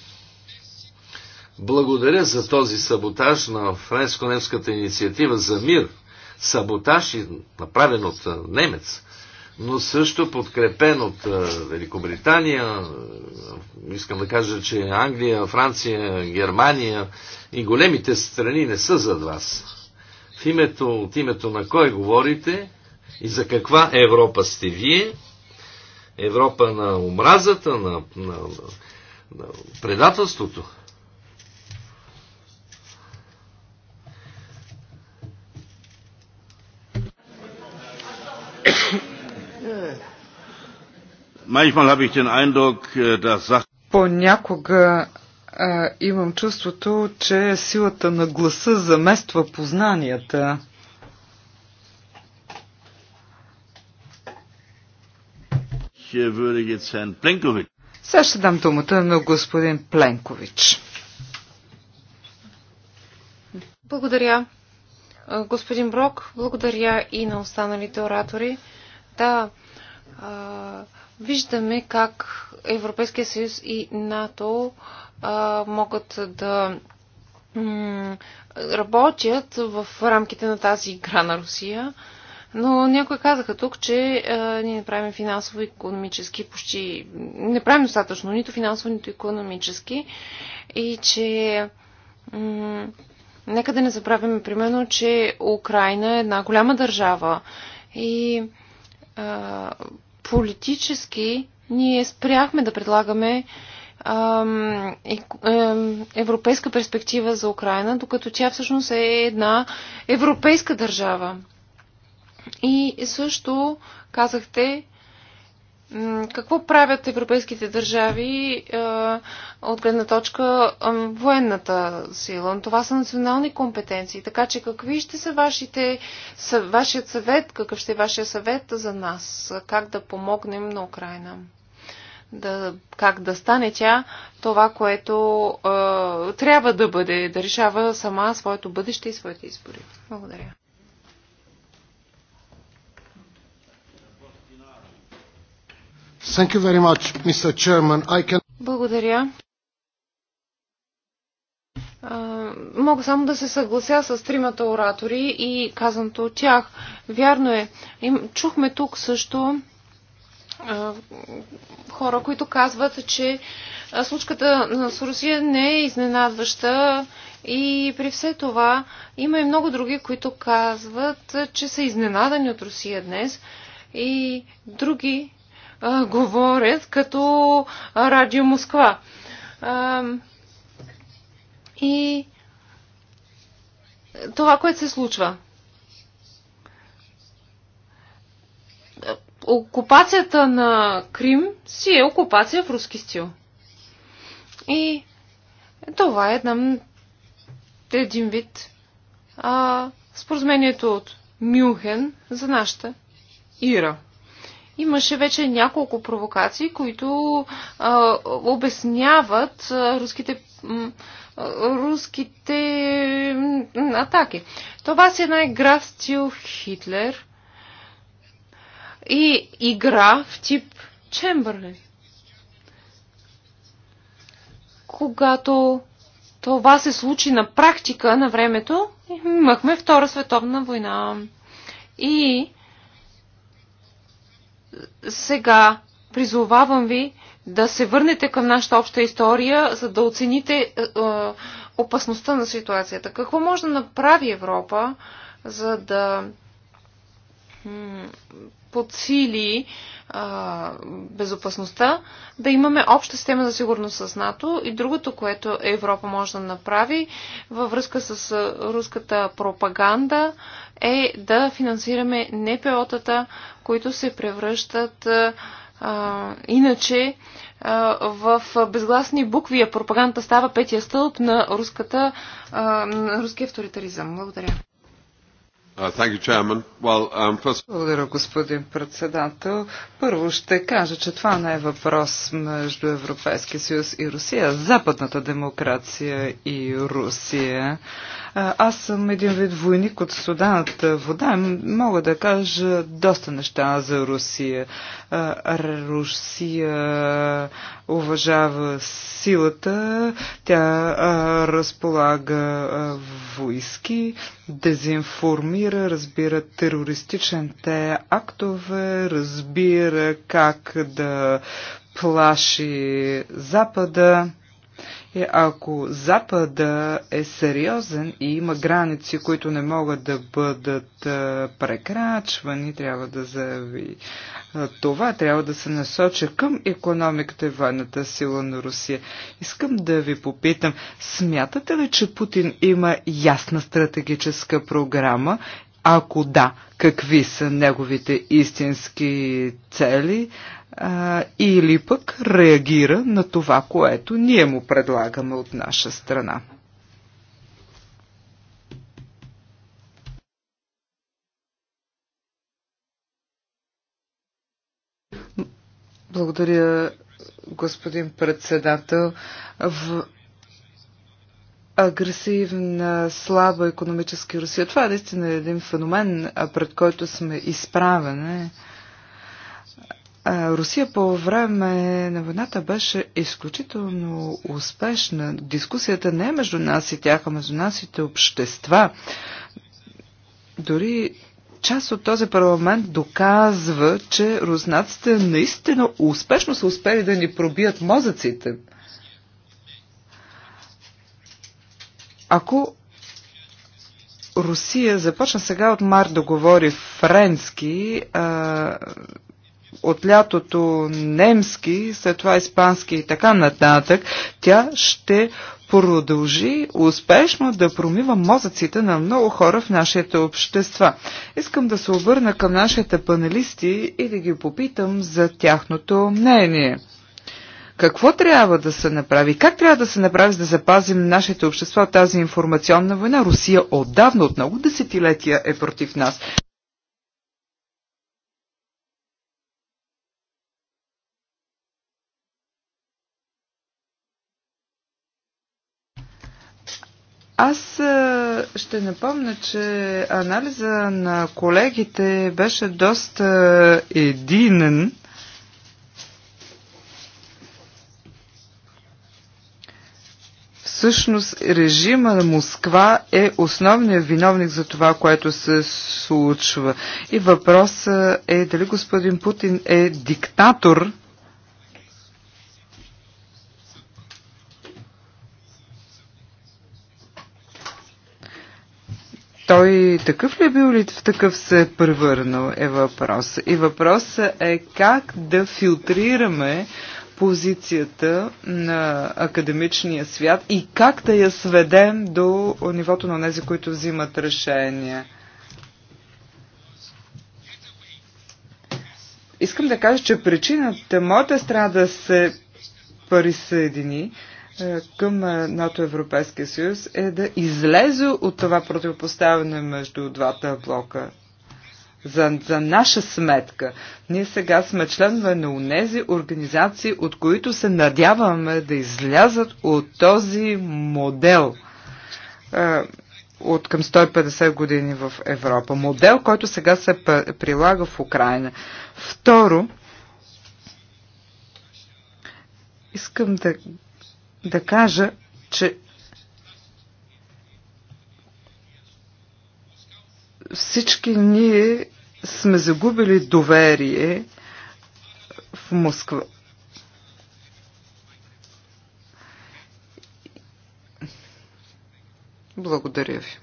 благодаря за този саботаж на френско-немската инициатива за мир. Саботаж, направен от немец но също подкрепен от Великобритания, искам да кажа, че Англия, Франция, Германия и големите страни не са зад вас. В името, от името на кой говорите и за каква Европа сте вие? Европа на омразата, на, на, на предателството? Äh, Понякога а, имам чувството, че силата на гласа замества познанията. Сега ще дам думата на господин Пленкович. Благодаря, господин Брок. Благодаря и на останалите оратори. Да, а Виждаме как Европейския съюз и НАТО а, могат да работят в рамките на тази игра на Русия. Но някои казаха тук, че а, ние не правим финансово и економически почти... Не правим достатъчно, нито финансово, нито економически. И че... нека да не забравяме, примерно, че Украина е една голяма държава. И а, политически ние спряхме да предлагаме е, европейска перспектива за Украина, докато тя всъщност е една европейска държава. И също казахте, какво правят европейските държави е, от гледна точка е, военната сила? Това са национални компетенции, така че какви ще са вашите, са, вашият съвет, какъв ще е вашия съвет за нас? Как да помогнем на Украина? Да, как да стане тя това, което е, трябва да бъде, да решава сама своето бъдеще и своите избори? Благодаря. Благодаря. Мога само да се съглася с тримата оратори и казаното от тях. Вярно е. чухме тук също хора, които казват, че случката с Русия не е изненадваща и при все това има и много други, които казват, че са изненадани от Русия днес и други, говорят като Радио Москва. А, и това, което се случва. Окупацията на Крим си е окупация в руски стил. И това е една, един вид а, споразумението от Мюнхен за нашата Ира имаше вече няколко провокации, които а, обясняват а, руските, а, руските атаки. Това си е една игра в стил Хитлер и игра в тип Чемберлин. Когато това се случи на практика на времето, имахме Втора световна война. И сега призовавам ви да се върнете към нашата обща история, за да оцените е, е опасността на ситуацията. Какво може да направи Европа, за да подсили е, безопасността, да имаме обща система за сигурност с НАТО и другото, което Европа може да направи във връзка с е, руската пропаганда е да финансираме НПО-тата, които се превръщат а, иначе в безгласни букви, а пропаганда става петия стълб на, руската, на руския авторитаризъм. Благодаря. Uh, um, Благодаря, господин председател. Първо ще кажа, че това не е въпрос между Европейския съюз и Русия, западната демокрация и Русия. Аз съм един вид войник от студената вода. Мога да кажа доста неща за Русия. Русия уважава силата, тя разполага войски, дезинформи мира, разбира терористичните актове, разбира как да плаши Запада е ако Запада е сериозен и има граници, които не могат да бъдат е, прекрачвани, трябва да заяви е, това, трябва да се насочи към економиката и военната сила на Русия. Искам да ви попитам, смятате ли, че Путин има ясна стратегическа програма ако да, какви са неговите истински цели? а, или пък реагира на това, което ние му предлагаме от наша страна. Благодаря, господин председател. В агресивна, слаба економически Русия. Това е наистина един феномен, пред който сме изправени. Русия по време на войната беше изключително успешна. Дискусията не е между нас и тях, а между нас и те общества. Дори част от този парламент доказва, че руснаците наистина успешно са успели да ни пробият мозъците. Ако Русия започна сега от март да говори френски, а, от лятото немски, след това испански и така нататък, тя ще продължи успешно да промива мозъците на много хора в нашите общества. Искам да се обърна към нашите панелисти и да ги попитам за тяхното мнение. Какво трябва да се направи? Как трябва да се направи, за да запазим нашите общества от тази информационна война? Русия отдавна, от много десетилетия е против нас. Аз е, ще напомня, че анализа на колегите беше доста е, единен. Всъщност режима на Москва е основният виновник за това, което се случва. И въпросът е дали господин Путин е диктатор Той такъв ли е бил или в такъв се е превърнал е въпрос. И въпросът е как да филтрираме позицията на академичния свят и как да я сведем до нивото на тези, които взимат решения. Искам да кажа, че причината моята страна да се присъедини е, към е, НАТО Европейския съюз е да излезе от това противопоставяне между двата блока. За, за наша сметка. Ние сега сме членове на унези организации, от които се надяваме да излязат от този модел е, от към 150 години в Европа. Модел, който сега се прилага в Украина. Второ, искам да да кажа, че всички ние сме загубили доверие в Москва. Благодаря ви.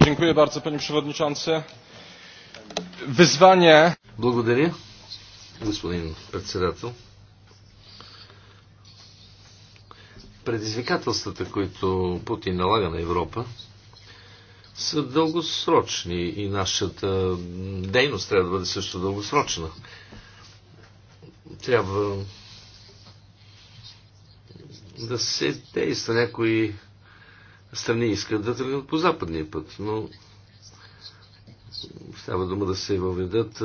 Dziękuję panie przewodniczący. Wyzwanie. Благодаря, господин председател. Предизвикателствата, които Путин налага на Европа, са дългосрочни и нашата дейност трябва да бъде също дългосрочна. Трябва да се действа някои страни искат да тръгнат по западния път, но става дума да се въведат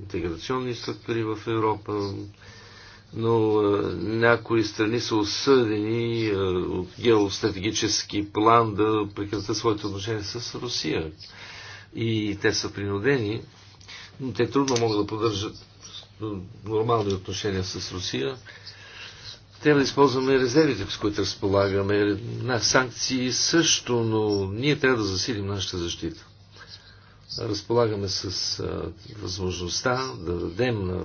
интеграционни структури в Европа, но някои страни са осъдени от геостратегически план да прекратят своите отношения с Русия. И те са принудени, но те трудно могат да поддържат нормални отношения с Русия трябва да използваме резервите, с които разполагаме. На санкции също, но ние трябва да засилим нашата защита. Разполагаме с а, възможността да дадем на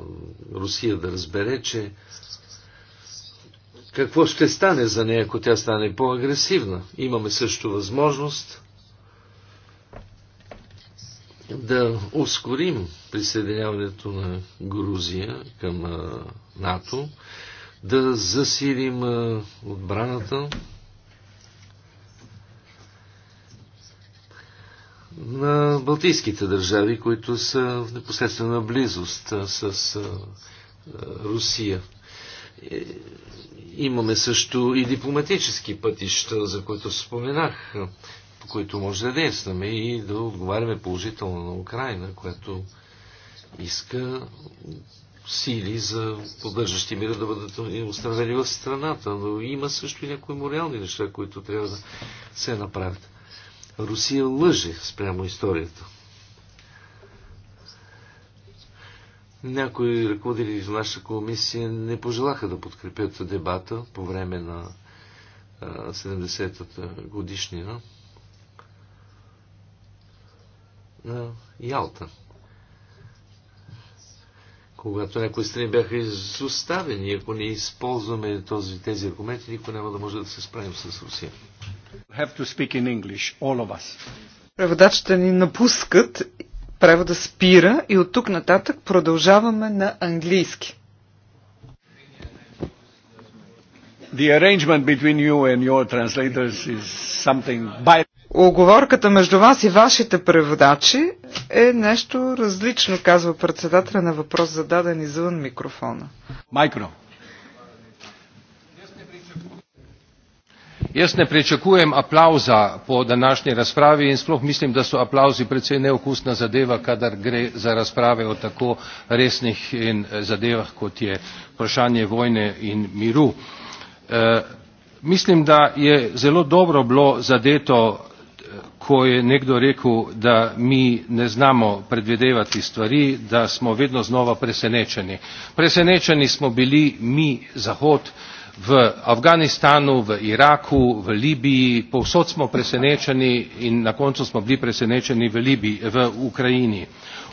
Русия да разбере, че какво ще стане за нея, ако тя стане по-агресивна. Имаме също възможност да ускорим присъединяването на Грузия към а, НАТО да засилим отбраната. на балтийските държави, които са в непосредствена близост с Русия. Е, имаме също и дипломатически пътища, за които споменах, по които може да действаме и да отговаряме положително на Украина, която иска сили за поддържащи мира да бъдат установени в страната, но има също и някои морални неща, които трябва да се направят. Русия лъже спрямо историята. Някои ръководители в нашата комисия не пожелаха да подкрепят дебата по време на 70-та годишнина на Ялта когато някои страни бяха изоставени. Ако не използваме този, тези аргументи, никой няма да може да се справим с Русия. Have to speak in English, all of us. Преводачите ни напускат, превода спира и от тук нататък продължаваме на английски. The arrangement between you and your translators is something by оговорката между вас и вашите преводачи е нещо различно, казва председателя на въпрос зададен извън микрофона. Майкро. Jaz ne pričakujem aplauza po današnji razpravi in sploh mislim, da so aplauzi precej neokusna zadeva, kadar gre za razprave o tako resnih zadevah, kot je vprašanje vojne in miru. E, mislim, da je zelo dobro bilo zadeto ko je nekdo rekel, da mi ne znamo predvidevati stvari, da smo vedno znova presenečeni. Presenečeni smo bili mi, Zahod, v Afganistanu, v Iraku, v Libiji, povsod smo presenečeni in na koncu smo bili presenečeni v, Libiji, v Ukrajini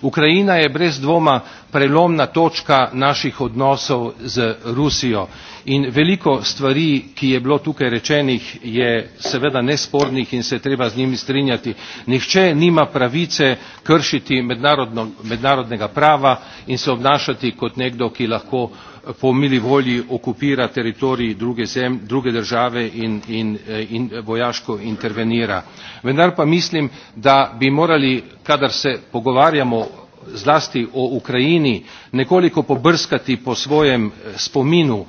Ukrajina je brez dvoma prelomna točka naših odnosov z Rusijo in veliko stvari, ki je bilo tukaj rečenih, je seveda nespornih in se je treba z njimi strinjati. Nihče nima pravice kršiti mednarodnega prava in se obnašati kot nekdo, ki lahko po mili volji okupira teritorij druge države in vojaško intervenira. vendar pa mislim da bi morali kadar se pogovarjamo zlasti o ukrajini nekoliko pobrskati po svojem spominu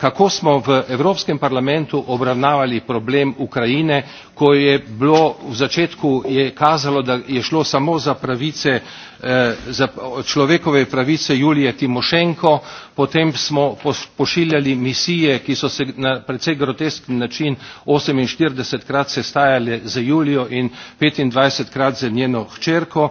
kako smo v evropskem parlamentu obravnavali problem ukrajine ko je bilo v začetku je kazalo da je šlo samo za pravice za človekove pravice Julije Timošenko, potem smo pošiljali misije, ki so se na precej groteskni način 48 krat sestajale z Julijo in 25 krat z njeno hčerko.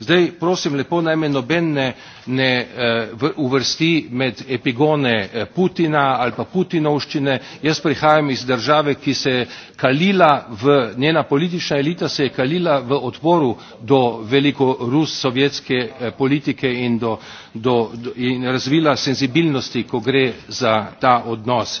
Zdaj, prosim lepo, naj me noben ne, ne uvrsti med epigone Putina ali pa Putinovščine. Jaz prihajam iz države, ki se je kalila v, njena politična elita se je kalila v odporu do veliko rus sovjetske politike in, do, do, in razvila senzibilnosti, ko gre za ta odnos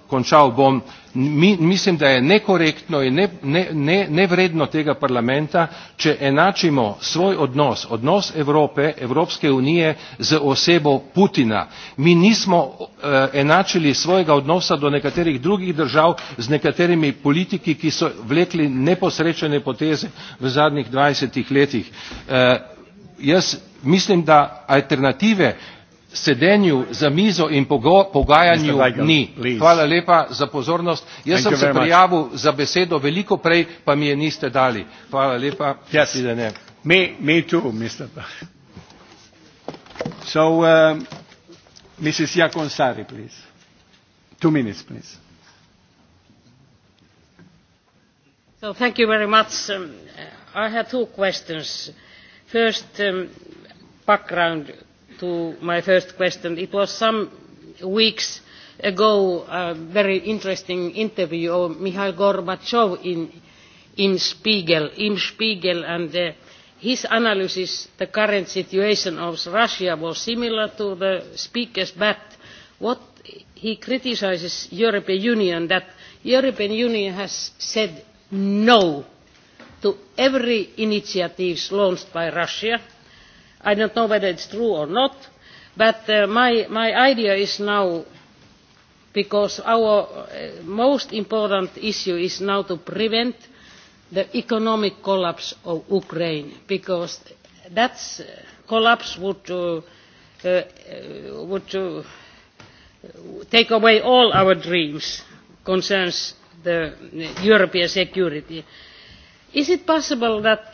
končal bom, mi, mislim, da je nekorektno in ne, ne, ne, nevredno tega parlamenta, če enačimo svoj odnos, odnos Evrope, Evropske unije z osebo Putina. Mi nismo uh, enačili svojega odnosa do nekaterih drugih držav z nekaterimi politiki, ki so vlekli neposrečene poteze v zadnjih dvajsetih letih. Uh, jaz mislim, da alternative sedenju za mizo in pogajanju ni. Hvala lepa za pozornost. Jaz sem se prijavil za besedo veliko prej, pa mi je niste dali. Hvala lepa. Yes. Me, me too, Mr. So, um, Mrs. please. Two minutes, please. So, thank you very much. Um, I have two questions. First, um, background to my first question. It was some weeks ago a very interesting interview of Mikhail Gorbachev in, in Spiegel, Im Spiegel, and uh, his analysis, the current situation of Russia was similar to the speaker's, but what he criticises European Union that European Union has said no to every initiative launched by Russia – i do not know whether it is true or not but my idea is now because our most important issue is now to prevent the economic collapse of ukraine because that collapse would take away all our dreams concerning european security. is it possible that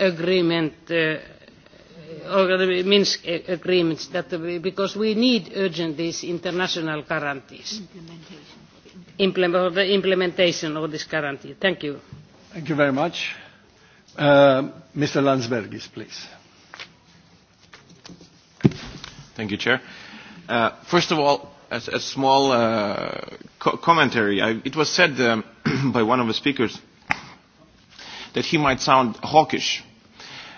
agreement, uh, or the Minsk agreements, that, we, because we need urgent these international guarantees. Implementation. the implementation of this guarantee. Thank you. Thank you very much. Uh, Mr. Landsbergis, please. Thank you, Chair. Uh, first of all, as a small uh, co- commentary. I, it was said um, by one of the speakers that he might sound hawkish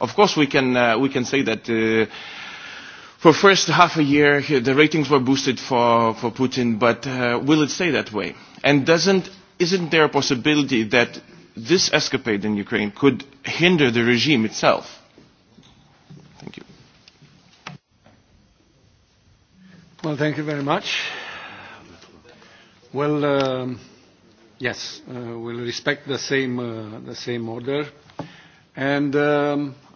Of course, we can, uh, we can say that uh, for first half a year, the ratings were boosted for, for Putin, but uh, will it stay that way? And doesn't, isn't there a possibility that this escapade in Ukraine could hinder the regime itself? Thank you. Well, thank you very much. Well, um, yes, uh, we'll respect the same, uh, the same order. And um,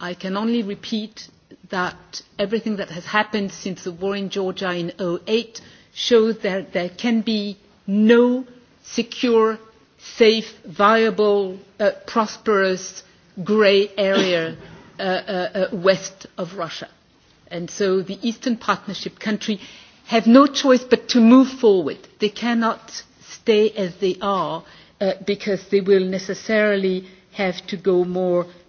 I can only repeat that everything that has happened since the war in Georgia in 2008 shows that there can be no secure, safe, viable, uh, prosperous grey area uh, uh, uh, west of Russia. And so the Eastern Partnership countries have no choice but to move forward. They cannot stay as they are uh, because they will necessarily have to go more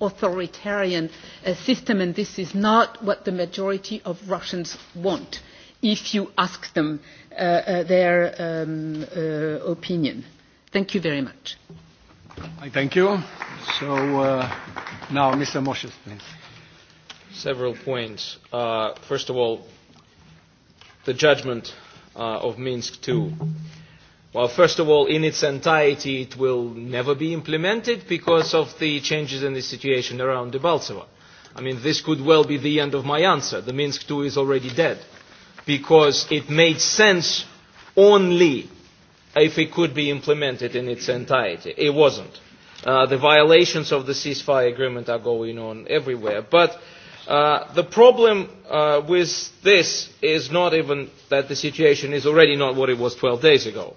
authoritarian uh, system, and this is not what the majority of Russians want if you ask them uh, uh, their um, uh, opinion. Thank you very much. I thank you. So uh, now, Mr. Moshe, please. Several points. Uh, first of all, the judgment uh, of Minsk II Well, first of all, in its entirety, it will never be implemented because of the changes in the situation around Debaltseva. I mean, this could well be the end of my answer. The Minsk II is already dead because it made sense only if it could be implemented in its entirety. It wasn't. Uh, the violations of the ceasefire agreement are going on everywhere. But uh, the problem uh, with this is not even that the situation is already not what it was 12 days ago.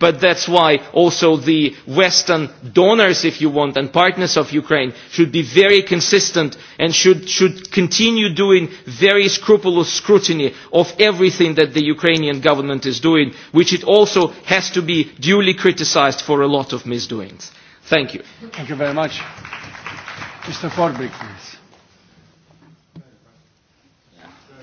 but that is why also the Western donors, if you want, and partners of Ukraine should be very consistent and should, should continue doing very scrupulous scrutiny of everything that the Ukrainian government is doing, which it also has to be duly criticised for a lot of misdoings. Thank you. Thank you very much. Mr. Forbrick, please.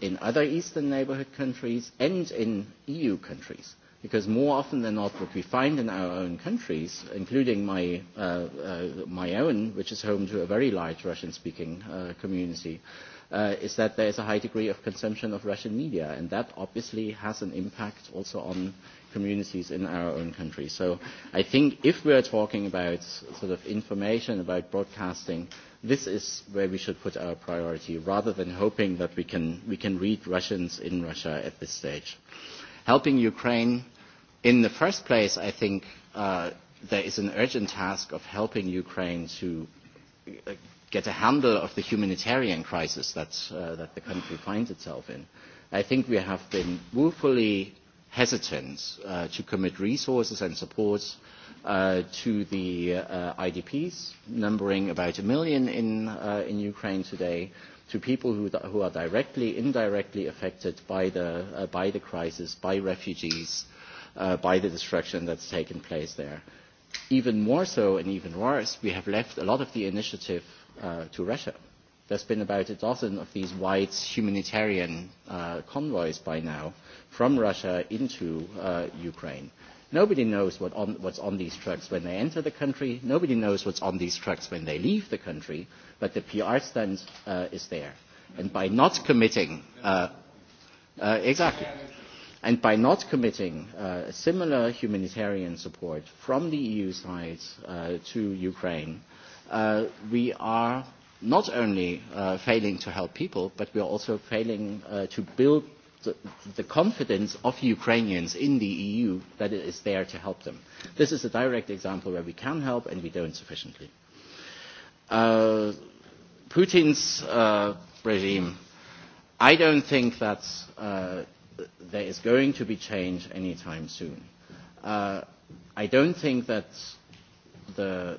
in other eastern neighbourhood countries and in EU countries. Because more often than not, what we find in our own countries, including my, uh, uh, my own, which is home to a very large Russian-speaking uh, community, uh, is that there is a high degree of consumption of Russian media, and that obviously has an impact also on communities in our own country. So I think if we are talking about sort of information, about broadcasting, this is where we should put our priority rather than hoping that we can, we can read Russians in Russia at this stage. Helping Ukraine, in the first place, I think uh, there is an urgent task of helping Ukraine to get a handle of the humanitarian crisis that, uh, that the country finds itself in. I think we have been woefully hesitant uh, to commit resources and support uh, to the uh, IDPs, numbering about a million in, uh, in Ukraine today, to people who, who are directly, indirectly affected by the, uh, by the crisis, by refugees, uh, by the destruction that's taken place there. Even more so and even worse, we have left a lot of the initiative uh, to Russia There's been about a dozen of these white humanitarian uh, convoys by now from Russia into uh, Ukraine. Nobody knows what on, what's on these trucks when they enter the country. Nobody knows what's on these trucks when they leave the country. But the PR stunt uh, is there. And by not committing, uh, uh, exactly. And by not committing uh, similar humanitarian support from the EU side uh, to Ukraine, uh, we are not only uh, failing to help people, but we are also failing uh, to build the, the confidence of Ukrainians in the EU that it is there to help them. This is a direct example where we can help and we don't sufficiently. Uh, Putin's uh, regime, I don't think that uh, there is going to be change anytime soon. Uh, I don't think that the